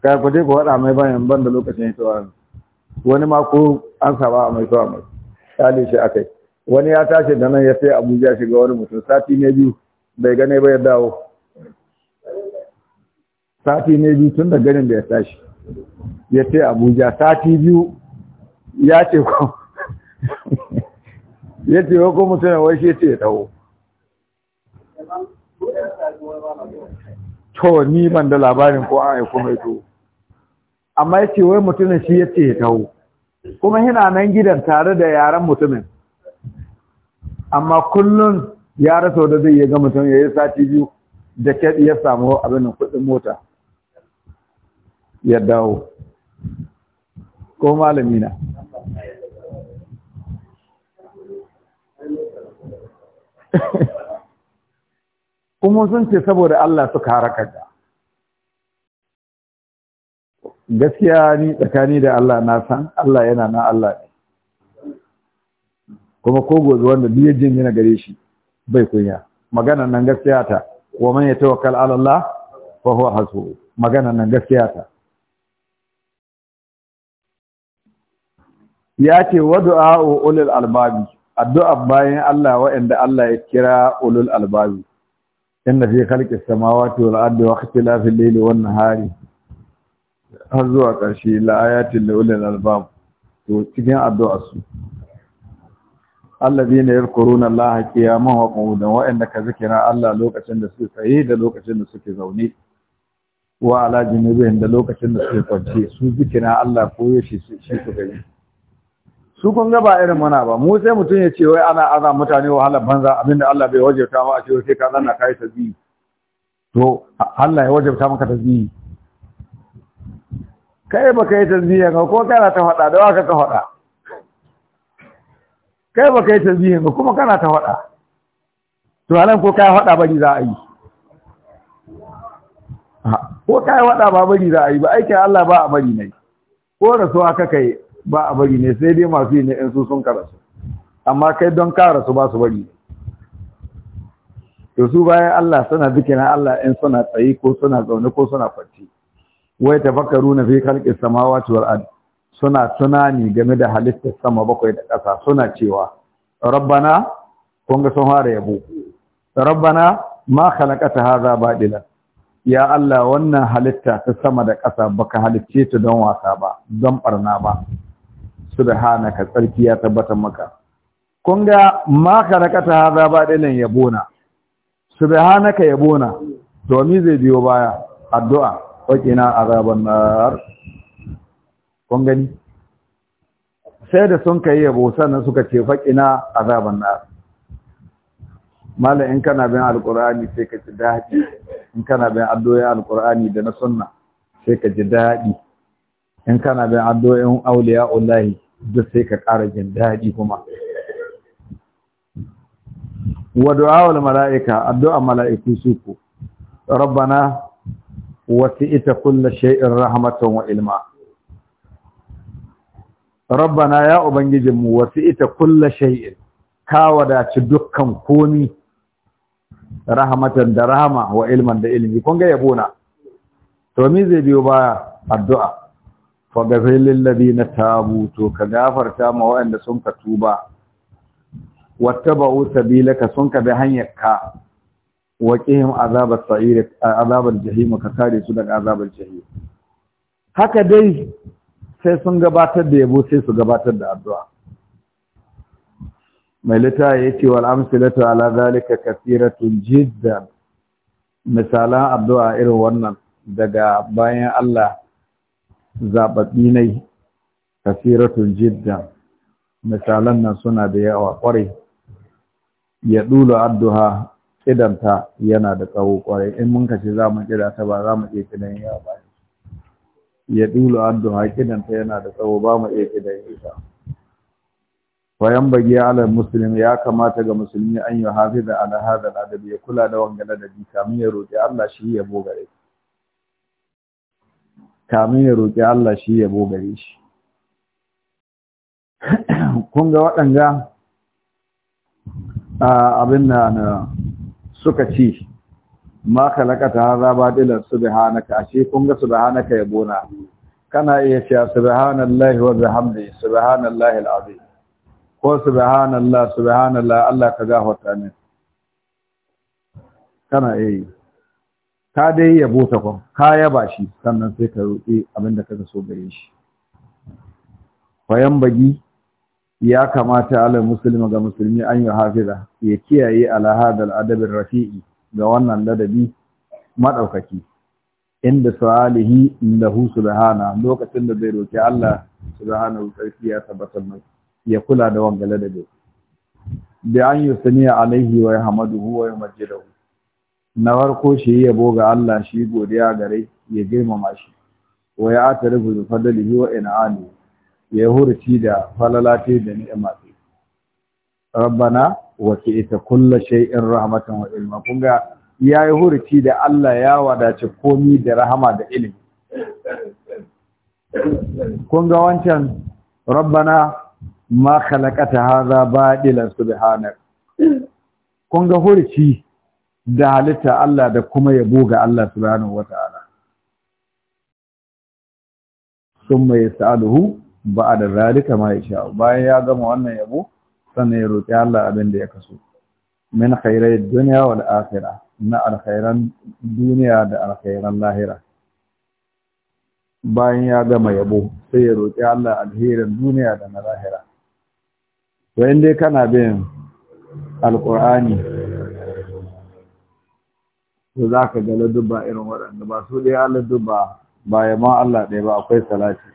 S1: Ka ku dai ku faɗa mai bayan ban da lokacin hitowa wani ma ko an saba mai zuwa mai kyale shi akai wani ya tashi da nan ya sai abuja shiga wani mutum sati ne biyu bai gane ba ya dawo sati ne biyu tun da ganin da ya tashi ya sai abuja sati biyu ya ce ko ya ce ko mutum wai shi ce ya dawo to ni ban da labarin ko an aiko mai to amma ya ce wai mutumin shi ya ce ya dawo kuma yana nan gidan tare da yaren mutumin amma kullum ya rasa da zai ga mutum ya yi sati biyu da kyaɗi ya samu abin kudin mota ya dawo ko malami kuma sun ce saboda Allah suka haraka. da gaskiya ni tsakani da Allah na san Allah yana na Allah ne kuma ko gobe wanda duk ya jin yana gare shi bai kunya Magana nan gaskiya ta ko man tawakkal ala Allah fa huwa hasbu Magana nan gaskiya ta ya ce wa du'a ulul albabi addu'a bayan Allah wa'anda Allah ya kira ulul albabi inna fi khalqi samawati wal ardi wa ikhtilafil layli wan nahari har zuwa ƙarshe la ayatin ulul albab to cikin addu'a su allazina yadhkuruna allaha qiyaman wa qu'udan wa'anda ka zikira Allah lokacin da suke tsaye da lokacin da suke zaune wa ala junubihim da lokacin da suke kwance su zikira Allah ko yashi shi su gani su kun ga ba irin mana ba mu sai mutum ya ce wai ana aza mutane wahala banza abinda Allah bai wajabta ba a ce sai ka zanna kai tasbihi to Allah ya wajabta maka Ka kai ba kai tasbihi ko kana ta faɗa da waka ka faɗa kai ba kai tasbihi ba kuma kana ta faɗa to alam ko kai faɗa bari za a yi ko kai faɗa ba bari za a yi ba aikin Allah ba a bari ne ko rasuwa aka kai ba a bari ne sai dai masu yi ne in su sun karasu amma kai don kara su ba su bari to su bayan Allah suna na Allah in suna tsayi ko suna zaune ko suna kwanci wai na fi khalqis samawati wal ardh suna tunani game da halittar sama bakwai da ƙasa suna cewa rabbana kunga sun fara yabo rabbana ma khalaqata hadha badila ya Allah wannan halitta ta sama da ƙasa baka halicce ta don wasa ba don barna ba subhanaka tsarki ya tabbatar maka Kunga ga ma khalaqata hadha badilan yabona subhanaka yabona to mi zai biyo baya addu'a wakina azaban nar kun gani sai da sun kai yabo sannan suka ce faƙina azaban nar malam in kana bin alqur'ani sai ka ji daɗi in kana bin addu'o'in alqur'ani da na sunna sai ka ji daɗi in kana bin addu'o'in wallahi duk sai ka ƙara jin daɗi kuma wa du'a'ul mala'ika addu'a mala'iku su ku rabbana wasi'ita kullu shay'in rahmatan wa ilma rabbana ya ubangijinmu ita kulla shay'in ka wadaci dukkan komi rahmatan da rahama wa ilman da ilmi kun ga yabona to mi zai biyo baya addu'a fa gazilil ladina tabu to ka gafarta ma waɗanda sun ka tuba wattaba'u sabilaka sun ka bi ka wa qihim azabat sa'ir azabal jahim ka kare su daga azabar jahim haka dai sai sun gabatar da yabo sai su gabatar da addu'a mai lita ya ce wal amsilatu ala zalika kathiratun jiddan misalan addu'a irin wannan daga bayan Allah zaɓaɓɓi ne kasiratun jiddan misalan nan suna da yawa ƙwarai ya ɗula addu'a ƙidanta yana da tsawo ƙwarai in mun kace za mu kira ta ba za mu iya ƙidan yawa ba ya dulu addu'a kidan ta yana da tsawo ba mu iya kidan ita wayan bagi ala muslim ya kamata ga musulmi an yi hafiza ala hada adabi ya kula da wangan ladabi kamin ya roƙi Allah shi ya bogare kamin ya roƙi Allah shi ya bogare shi kun ga waɗanga abin da suka ci ma khalaqata hadha dila subhanaka ashe kun ga subhanaka yabona kana iya cewa subhanallahi wa bihamdi subhanallahi alazim ko subhanallah subhanallah Allah ka gafarta min kana iya ka dai yabo ta kun ka yaba shi sannan sai ka roƙi abinda kaga so gare shi fayan bagi ya kamata alal muslima ga musulmi an yi hafiza ya kiyaye ala hadal adabir rafi'i ga wannan ladabi maɗaukaki, inda su'alihi lahu subhana lokacin da zai roki Allah subhanahu sarki ya tabbatar mai ya kula da wannan ladabi bi an yusni alaihi wa yahmaduhu wa yumajjiduhu na farko shi ya boga Allah shi godiya gare ya girmama shi wa ya atarifu bi fadlihi wa in'ani ya hurci da falalati da ni'imat rabbana wasi'ta kulli shay'in rahmatan wa ilma kun ga yi hurci da Allah ya wadace komi da rahama da ilimi kun ga wancan rabbana ma khalaqata hadha badilan subhanak kun ga hurci da halitta Allah da kuma yabo ga Allah subhanahu wata'ala summa yas'aluhu ba'da zalika ma yasha bayan ya gama wannan yabo sannan ya roƙi Allah abin da ya kaso min khairai duniya wal na alkhairan duniya da alkhairan lahira bayan ya gama yabo sai ya roƙi Allah alherin duniya da na lahira Wayan dai kana bin Alƙur'ani? su za ka gala dubba irin waɗanda ba su dai Allah dubba ba ya ma Allah ɗaya ba akwai salati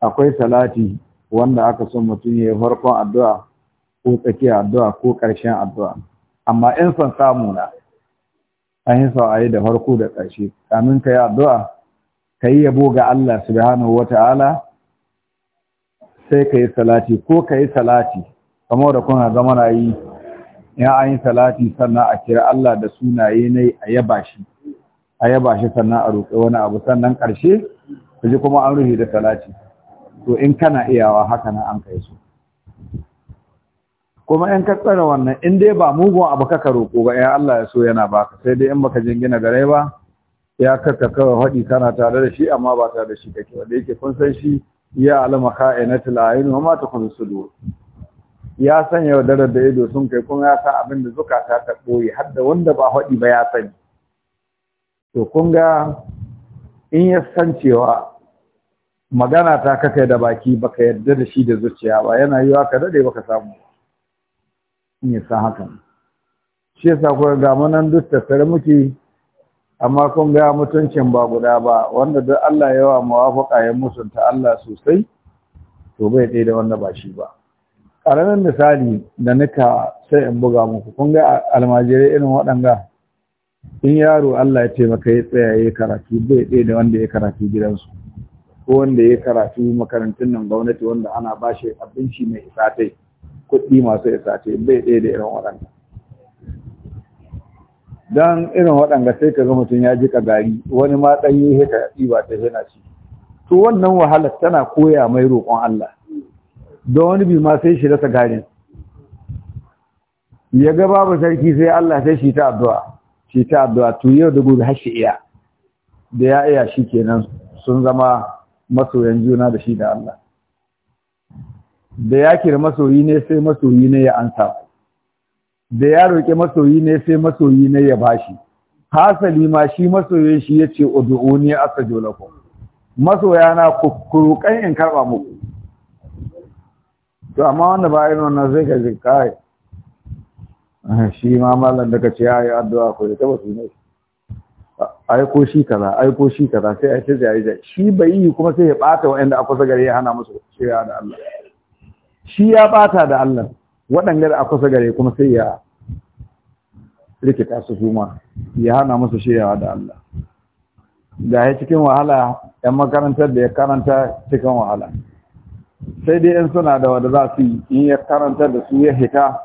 S1: akwai salati wanda aka so mutum ya yi farkon addu'a ko tsakiyar addu'a ko ƙarshen addu'a amma in son samu na an yi sau da farko da ƙarshe kamin ka yi addu'a ka yi yabo ga Allah subhanahu wa ta'ala sai ka yi salati ko ka yi salati kamar da kuna zama na yi ya an yi salati sannan a kira Allah da sunaye na a yaba shi a yaba shi sannan a roƙi wani abu sannan ƙarshe ka ji kuma an rufe da salati to in kana iyawa haka na an kai su kuma in ka tsara wannan in dai ba mugun abu kaka roƙo ba ya Allah ya so yana baka sai dai in baka jingina gare ba ya kaka kawai haɗi kana tare da shi amma ba tare da shi kake wanda yake kun san shi ya alama ka'inatul ayun wa ma takun sudur ya san yaudarar da ido sun kai kuma ya san abin da zukata ta ɓoye har da wanda ba haɗi ba ya sani to kun ga in ya san cewa magana ta kakai da baki baka yarda da shi da zuciya ba yana yiwa ka dade baka samu In ne san hakan shi yasa ko ga manan duk tattare muke amma kun ga mutuncin ba guda ba wanda duk Allah ya wa muwafaka ya musunta Allah sosai to bai tsaye da wanda ba shi ba ƙaramin misali da nika sai in buga muku kun ga almajirai irin waɗanga in yaro Allah ya taimaka ya tsaya ya karatu bai tsaye da wanda ya karatu gidansu ko wanda ya karatu makarantun nan gwamnati wanda ana ba shi abinci mai isatai kuɗi masu isatai bai ɗaya da irin waɗanda don irin waɗanda sai ka ga mutum ya ji gari wani ma ɗan yi haka ba ta yana ci to wannan wahalar tana koya mai roƙon Allah don wani bi ma sai shi rasa garin ya ga babu sarki sai Allah sai shi ta addu'a shi ta addu'a to yau da gobe har shi iya da ya iya shi kenan sun zama masoyan juna da shi da Allah da ya kira masoyi ne sai masoyi ne ya ansa da ya roƙi masoyi ne sai masoyi ne ya bashi hasali ma shi masoyin shi ya ce udu'uni jola ku. masoya na kurukan in karɓa muku to amma wanda ba irin wannan zai ka kai shi ma mallan da ka ce ya yi addu'a ko ya taba shi. aiko shi kaza aiko shi kaza sai a ce zai shi bai yi kuma sai ya bata wa a kusa gare ya hana musu shirya da Allah shi ya bata da Allah waɗanda da a kusa gare kuma sai ya rikita su kuma ya hana musu shirya da Allah ga ya cikin wahala yan makarantar da ya karanta cikin wahala sai dai yan suna da wanda za su yi in ya karanta da su ya hita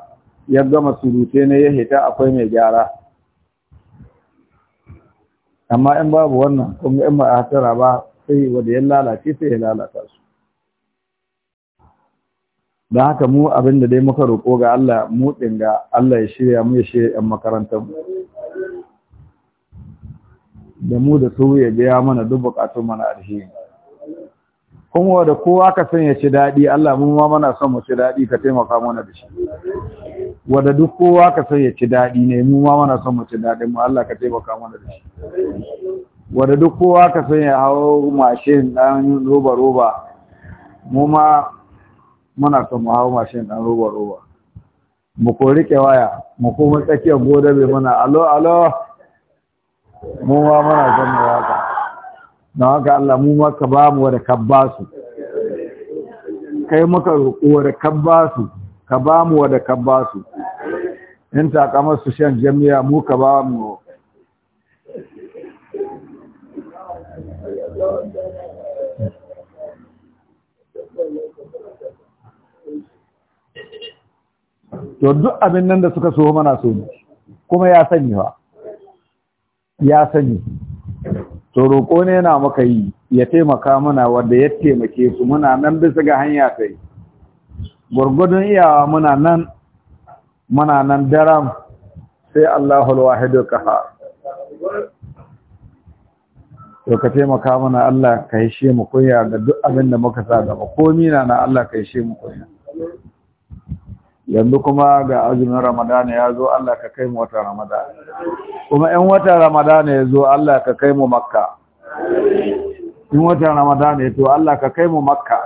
S1: ya gama surute ne ya hita akwai mai gyara amma in babu wannan kuma in ba a tara ba sai wanda ya lalace sai ya lalata su don haka mu abin da dai muka roƙo ga Allah mu dinga Allah ya shirya mu ya shirya yan makarantar mu da mu da su ya biya mana duk bukatun mana alheri kuma da kowa ka san ya ci daɗi Allah mun ma muna son mu ci daɗi ka taimaka mana da shi wanda duk kowa ka sai ya ci daɗi ne mu ma muna son mu ci daɗi. mu Allah ka taimaka mana da
S2: shi
S1: wanda duk kowa ka sai ya hawo mashin ɗan roba roba mu ma muna son mu hawo mashin ɗan roba roba mu ko rike waya mu kuma tsakiya goda bai mana alo alo mu ma muna son mu haka dan haka Allah mu ma ka ba mu da kabbasu kai maka roƙo da kabbasu su ka ba mu wa ka ba su in takamar su shan jami'a mu ka ba mu to duk abin nan da suka so mana so ne kuma ya sani ba ya sani to roƙo ne yana maka yi ya taimaka mana wanda ya taimake su muna nan bisa ga hanya sai gwargwadon iyawa muna nan muna nan daram sai Allahul Wahidu kafa. to ka taimaka mana Allah ka shi mu kunya ga duk abin da muka sa gaba komi na na Allah ka shi mu kunya yanzu kuma ga azumin ramadana ya zo Allah ka kai mu wata ramadana kuma in wata ramadana ya zo Allah ka kai mu makka in wata ramadana ya zo Allah ka kai mu makka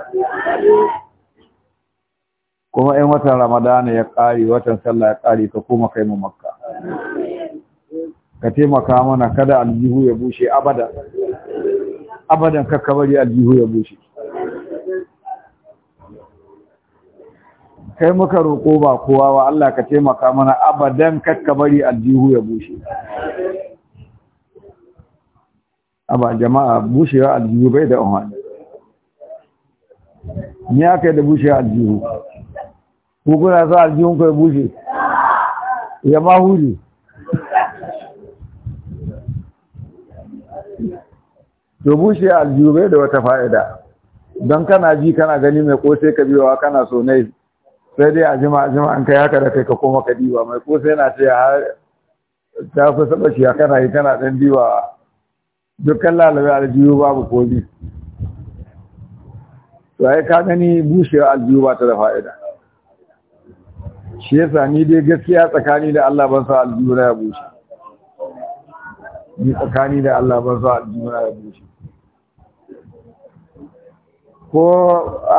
S1: kuma in watan ramadana ya ƙari watan sallah ya ƙari ka koma kai mu makka ka taimaka mana kada aljihu ya bushe abada abadan kakka bari aljihu ya bushe kai muka roƙo ba kowa wa Allah ka taimaka mana abadan kakka bari aljihu ya bushe aba jama'a bushewa aljihu bai da umarni ni aka yi da bushewa aljihu ko kuna za aljihun kai bushe ya ma huje to bushe aljihu bai da wata fa'ida don kana ji kana gani mai kosai ka biyawa kana so ne sai dai a jima a jima an kai haka da kai ka koma ka diwa mai kosai na ce ta fi saba shi kana yi kana ɗan diwa dukkan lalabe aljihu babu kobi to ai ka gani bushewa aljihu ba ta da fa'ida shi yasa ni dai gaskiya tsakani da Allah ban sa aljuna ya bushe ni tsakani da Allah ban sa aljuna ya bushe ko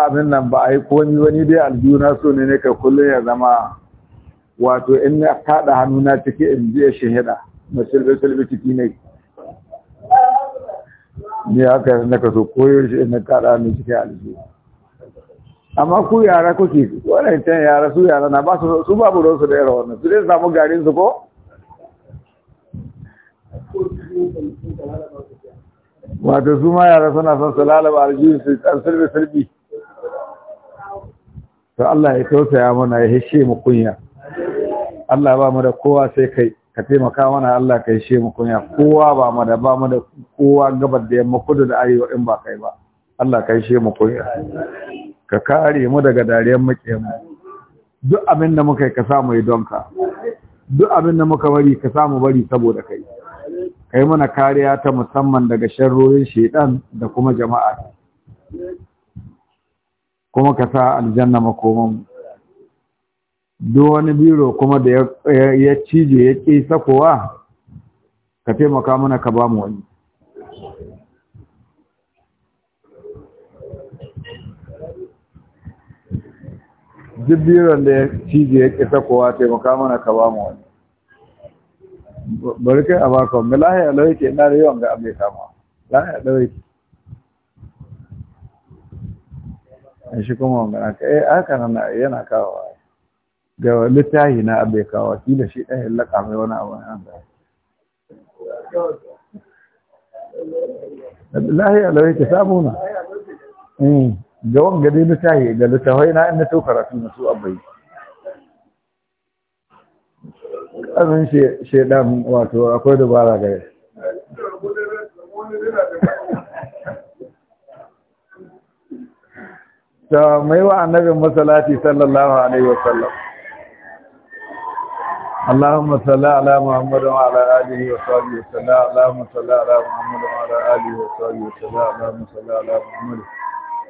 S1: abin nan ba a yi komi wani dai aljuna so ne ne ka kullum ya zama wato in na kaɗa hannuna ciki in ya shahida na silbi-silbi ciki ne ni haka na ka so koyo shi in na kaɗa hannu ciki aljuna amma ku yara kuke can yara su yara na ba su babu su da yara wannan su dai samu garin su ko wata su ma yara suna son su lalaba arjiyu su ɗan sirbi sirbi to Allah ya ya mana ya hishe mu kunya Allah ba mu da kowa sai kai ka taimaka mana Allah ka hishe mu kunya kowa ba mu da ba mu da kowa gabar da yamma kudu da arewa in ba kai ba Allah ka hishe mu kunya ka kare mu daga dariyar mu. duk abin da muka yi ka samu yi ka. duk abin da muka bari ka samu bari saboda kai kai mana kariya ta musamman daga sharrorin shaidan da kuma jama'a kuma ka sa aljanna makoman duk wani biro kuma da ya cije ya ƙi sakowa ka taimaka mana ka ba mu wani duk biran da ya cije ya ƙi sakowa taimaka mana ka ba mu wani bari kai a baka wani lahiya ke ina da yawan ga abu ya kama lahiya lauke a shi kuma wani ka eh aka nan yana kawo ga littahi na abu ya kawo da shi ɗaya laƙa mai wani abu ya ga lahiya ke samu na eh. ga wanga dai littafi ga littafai na inda to karatu na su abai ƙarin shaidan wato akwai dubara gare ta mai wa annabin masalati sallallahu alaihi wasallam اللهم صل على محمد وعلى اله وصحبه وسلم اللهم صل على محمد وعلى اله وصحبه وسلم اللهم صل على محمد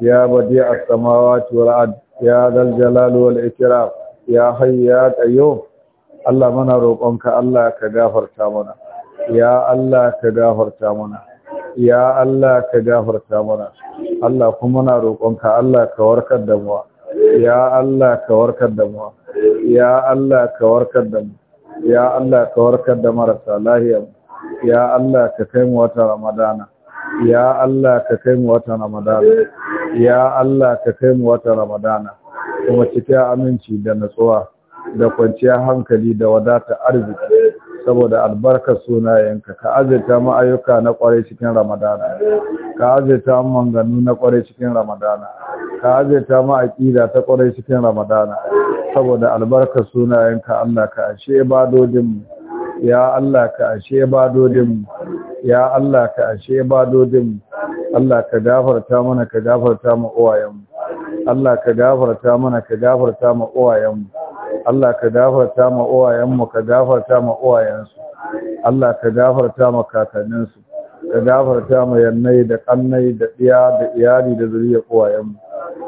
S1: يا بديع السماوات والأرض يا ذا الجلال والإكرام يا حي يا قيوم الله منا روقنك الله كغفرتا منا يا الله كغفرتا منا يا الله كغفرتا منا الله kuma muna roƙonka Allah ka warkar da mu ya Allah ka warkar da mu ya Allah ka warkar da mu ya Allah ka warkar da marasa lahiya ya Allah ka kai mu wata ramadana ya Allah ka kai mu wata ramadana ya Allah ka kai mu wata ramadana kuma cikin aminci da natsuwa da kwanciyar hankali da wadata arziki saboda albarkar sunayenka ka azirta mu ayyuka na kwarai cikin ramadana ka azirta mu manganu na kwarai cikin ramadana ka azirta mu aqida ta kwarai cikin ramadana saboda albarkar sunayenka Allah ka ashe ibadodin mu ya Allah ka ashe badodin ya Allah ka ashe badodin Allah ka gafarta mana ka gafarta mu uwayen Allah ka gafarta mana ka gafarta mu uwayen Allah ka gafarta mu uwayen mu ka gafarta mu uwayen su Allah ka gafarta mu kakannin su ka gafarta mu yannai da kannai da tsiya da iyali da zuriya uwayen mu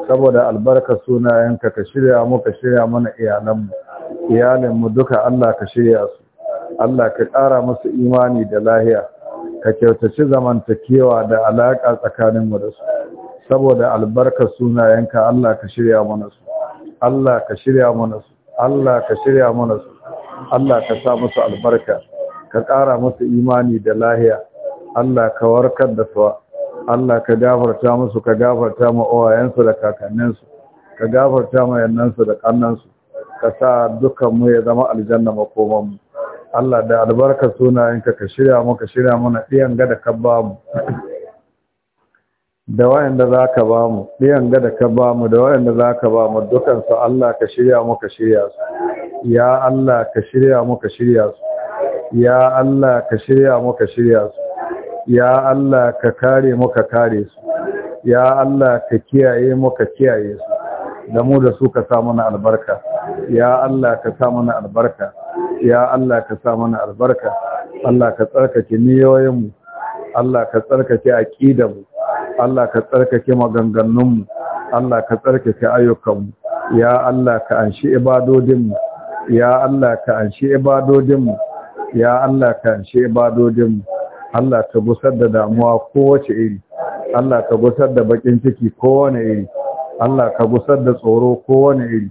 S1: saboda albarka sunayenka ka shirya mu ka shirya mana iyalanmu iyalanmu duka Allah ka shirya su Allah ka ƙara musu imani da lahiya ka kyautaci zamantakewa da alaƙa tsakaninmu da su saboda suna sunayenka Allah ka shirya mana su Allah ka shirya mana su Allah ka shirya mana su Allah ka sa musu albarka ka ƙara musu imani da lahiya Allah ka warkar da su Allah ka gafarta musu ka gafarta ma uwayensu da kakanninsu ka gafarta ma yannansu da kannansu ka sa dukkan ya zama aljanna makomanmu. Allah da albarka sunayenka ka shirya muka shirya mana ɗiyan gada ka ba mu da wayanda za ka ba mu ɗiyan gada ka ba mu da wayanda za ka ba mu dukansu Allah ka shirya muka shirya su ya Allah ka shirya muka shirya su ya Allah ka shirya muka shirya su ya Allah ka kare muka kare su ya Allah ka kiyaye muka kiyaye su da mu da su ka sa mana albarka ya Allah ka sa mana albarka ya Allah ka sa mana albarka Allah ka tsarkake niyoyinmu Allah ka tsarkake aqidarmu Allah ka tsarkake maganganunmu Allah ka tsarkake ayyukanmu ya Allah ka anshi ibadodinmu ya Allah ka anshi ibadodinmu ya Allah ka anshi ibadodinmu Allah ka gusar da damuwa kowace iri Allah ka gusar da bakin ciki kowane iri Allah ka gusar da tsoro kowane iri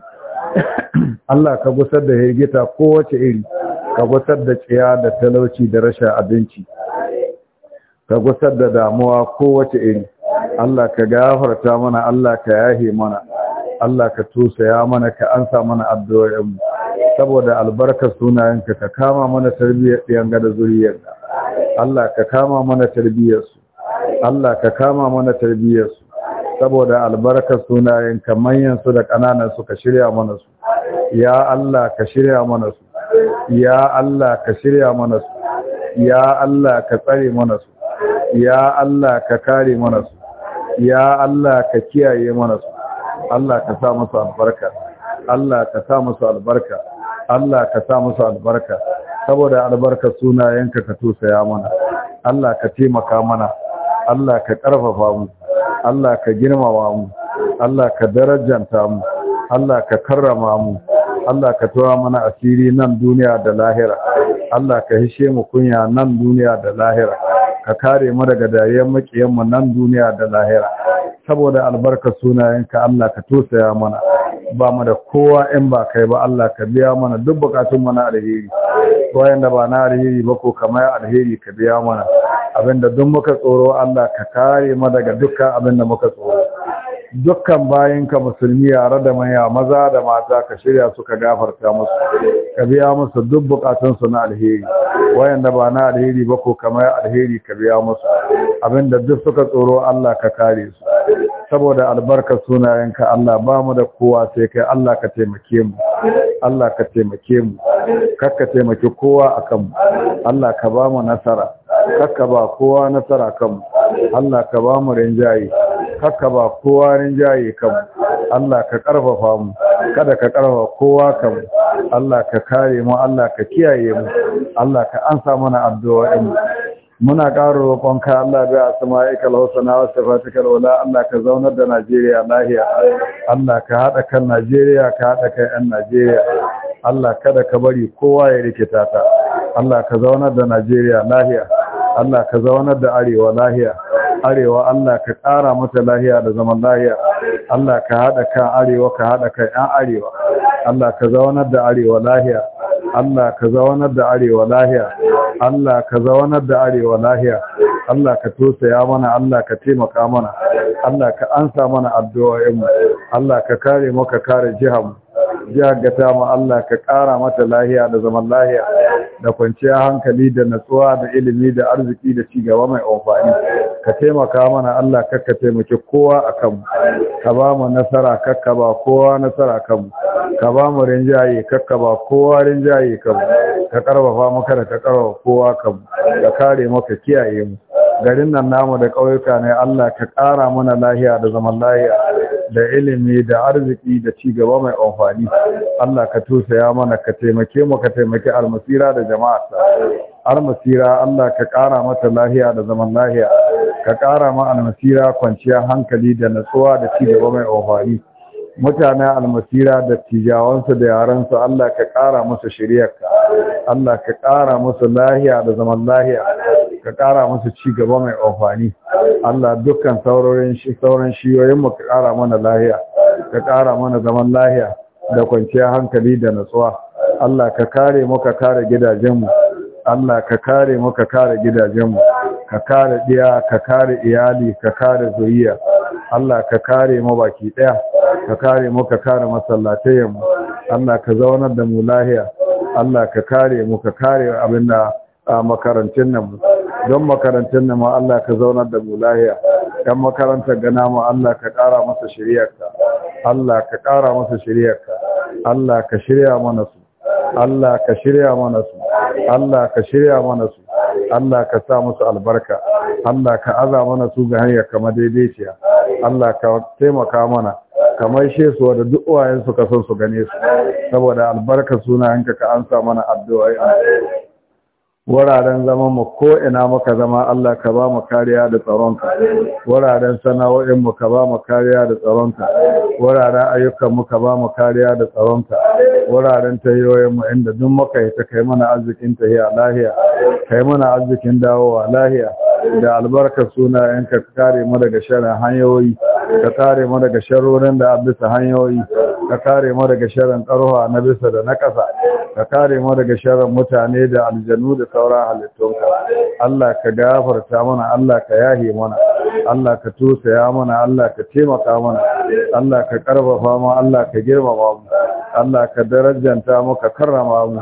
S1: Allah ka gusar da hirgita kowace iri ka gusar da tsiya da talauci da rashin abinci ka gusar da damuwa kowace iri Allah ka gafarta mana Allah ka yahe mana Allah ka tusaya mana ka ansa mana addu'o'inmu saboda albarkar sunayenka ka kama mana tarbiyyar ɗiyan gada zuriyar Allah ka kama mana tarbiyyarsu Allah ka kama mana tarbiyyarsu saboda albarkar sunayenka su da su ka shirya mana su ya Allah ka shirya mana su ya Allah ka shirya mana su ya Allah ka tsare mana su ya Allah ka kare mana su ya Allah ka kiyaye mana su Allah ka sa musu albarka Allah ka sa musu albarka Allah ka sa musu albarka saboda albarkar sunayenka ka tusaya mana Allah ka taimaka mana Allah ka ƙarfafa mu Allah ka girmama mu Allah ka darajanta mu Allah ka karrama mu Allah ka tura mana asiri nan duniya da lahira Allah ka hishe mu kunya nan duniya da lahira ka kare mu daga dariyar makiyan mu nan duniya da lahira saboda albarka sunayenka Allah ka tosaya mana ba mu da kowa in ba kai ba Allah ka biya mana duk bukatun mu na alheri wayanda ba na alheri ba ko kamar alheri ka biya mana abinda duk muka tsoro Allah ka kare mu daga dukkan abinda muka tsoro dukkan ka musulmi yare da maya maza da mata ka shirya su ka gafarta musu ka biya musu duk su na alheri wayanda ba na alheri ba ko kamar alheri ka biya musu abinda duk suka tsoro Allah ka kare su saboda albarka sunayenka Allah ba mu da kowa sai kai Allah ka taimake mu Allah ka taimake mu kakka taimake kowa akan mu Allah ka ba mu nasara kakka ba kowa nasara kan mu Allah ka ba mu rinjaye kakka ba kowa rinjaye kan mu Allah ka karfafa mu kada ka karfafa kowa kan mu Allah ka kare mu Allah ka kiyaye mu Allah ka ansa mana addu'o'in mu muna ƙara ka. Allah bai a sama aikal hausana wa sifatikal wala Allah ka zaunar da Najeriya lahiya Allah ka haɗa kan Najeriya ka haɗa kan 'yan Najeriya Allah kada ka bari kowa ya rikita ta Allah ka zaunar da Najeriya lahiya Allah ka zaunar da Arewa lahiya Arewa Allah ka ƙara mata lahiya da zaman lahiya Allah ka haɗa kan Arewa ka haɗa kan 'yan Arewa Allah ka zaunar da Arewa lahiya Allah ka zaunar da Arewa lahiya Allah ka zaunar da arewa lahiya Allah ka ya mana Allah ka taimaka mana Allah ka ansa mana addu'o'inmu Allah ka kare maka kare jihar mu jihar ga ta ma Allah ka ƙara mata lahiya da zaman lahiya da kwanciya hankali da natsuwa da ilimi da arziki da cigaba mai amfani ka taimaka mana Allah kakka taimaki kowa a kanmu ka ba mu nasara kakka ba kowa nasara kanmu ka ba mu rinjaye kakka ba kowa rinjaye kanmu ka karfafa maka da ka karfafa kowa kanmu ka kare maka kiyaye mu garin nan namu da ƙauyuka ne Allah ka ƙara mana lahiya da zaman lahiya da ilimi da arziki da cigaba gaba mai amfani Allah ka tusaya mana ka taimake mu ka taimake almasira da jama'a almasira Allah ka ƙara mata lahiya da zaman lahiya ka ƙara ma almasira kwanciyar hankali da natsuwa da cigaba mai amfani mutanen almasira da tijawansu da yaransu Allah ka ƙara musu shiryarka Allah ka ƙara musu lahiya da zaman lahiya ka ƙara masa ci gaba mai amfani Allah dukkan sauran shi sauran yoyin mu ka ƙara mana lahiya ka ƙara mana zaman lahiya da kwanciyar hankali da natsuwa Allah ka kare mu ka kare gidajen mu Allah ka kare mu ka kare gidajen mu ka kare diya ka kare iyali ka kare zuriya Allah ka kare mu baki daya ka kare mu ka kare masallatayen mu Allah ka zaunar da mu lahiya Allah ka kare mu ka kare abinda a makarantun namu don makarantun namu Allah ka zaunar da mulahiya Don makarantar gana mu Allah ka ƙara masa shiriyarka Allah ka ƙara masa shiriyarka Allah ka shirya mana su Allah ka shirya mana su Allah ka shirya mana su Allah ka sa musu albarka Allah ka aza mana su ga hanyar kama daidaiciya Allah ka taimaka mana kamar she su da duk uwayen su ka son su gane su saboda albarka sunayenka ka ansa mana addu'o'i wuraren zaman mu ko ina muka zama Allah ka ba mu kariya da tsaronka wuraren sana'o'in mu ka ba mu kariya da tsaronka wuraren ayyukan mu ka ba mu kariya da tsaronka wuraren tayoyin mu inda duk muka yi ta kai mana arzikin tahiya lahiya kai mana arzikin dawowa lahiya da suna sunayenka ka kare mu daga sharrin hanyoyi ka kare mu daga sharorin da bisa hanyoyi ka kare mu daga sharrin karuwa na bisa da na ƙasa ka kare mu daga sharrin mutane da aljanu da sauran halittunka Allah ka gafarta mana Allah ka yahe mana Allah ka ya mana Allah ka taimaka mana Allah ka karfafa mu Allah ka girmama mu Allah ka darajanta mu ka karrama mu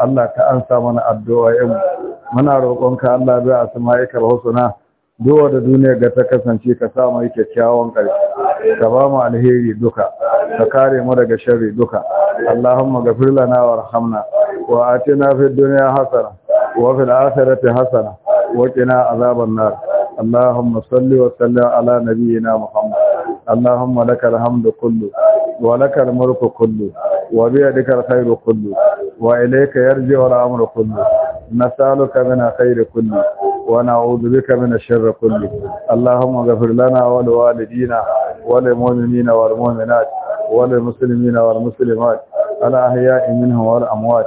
S1: Allah ka ansa mana addu'a mu muna roƙonka Allah asma'ika ba husna duwa da duniyar ga ta kasance ka sa mai kyakkyawan ƙarfi ka ba mu alheri duka ka kare mu daga sharri duka allahumma ghafir lana warhamna wa atina fid dunya hasana وفي الآخرة حسنة وقنا عذاب النار اللهم صل وسلم على نبينا محمد اللهم لك الحمد كله ولك الملك كله وبيدك الخير كله وإليك يرجع الأمر كله نسألك من الخير كله ونعوذ بك من الشر كله اللهم اغفر لنا ولوالدينا وللمؤمنين والمؤمنات وللمسلمين والمسلمات الأحياء منهم والأموات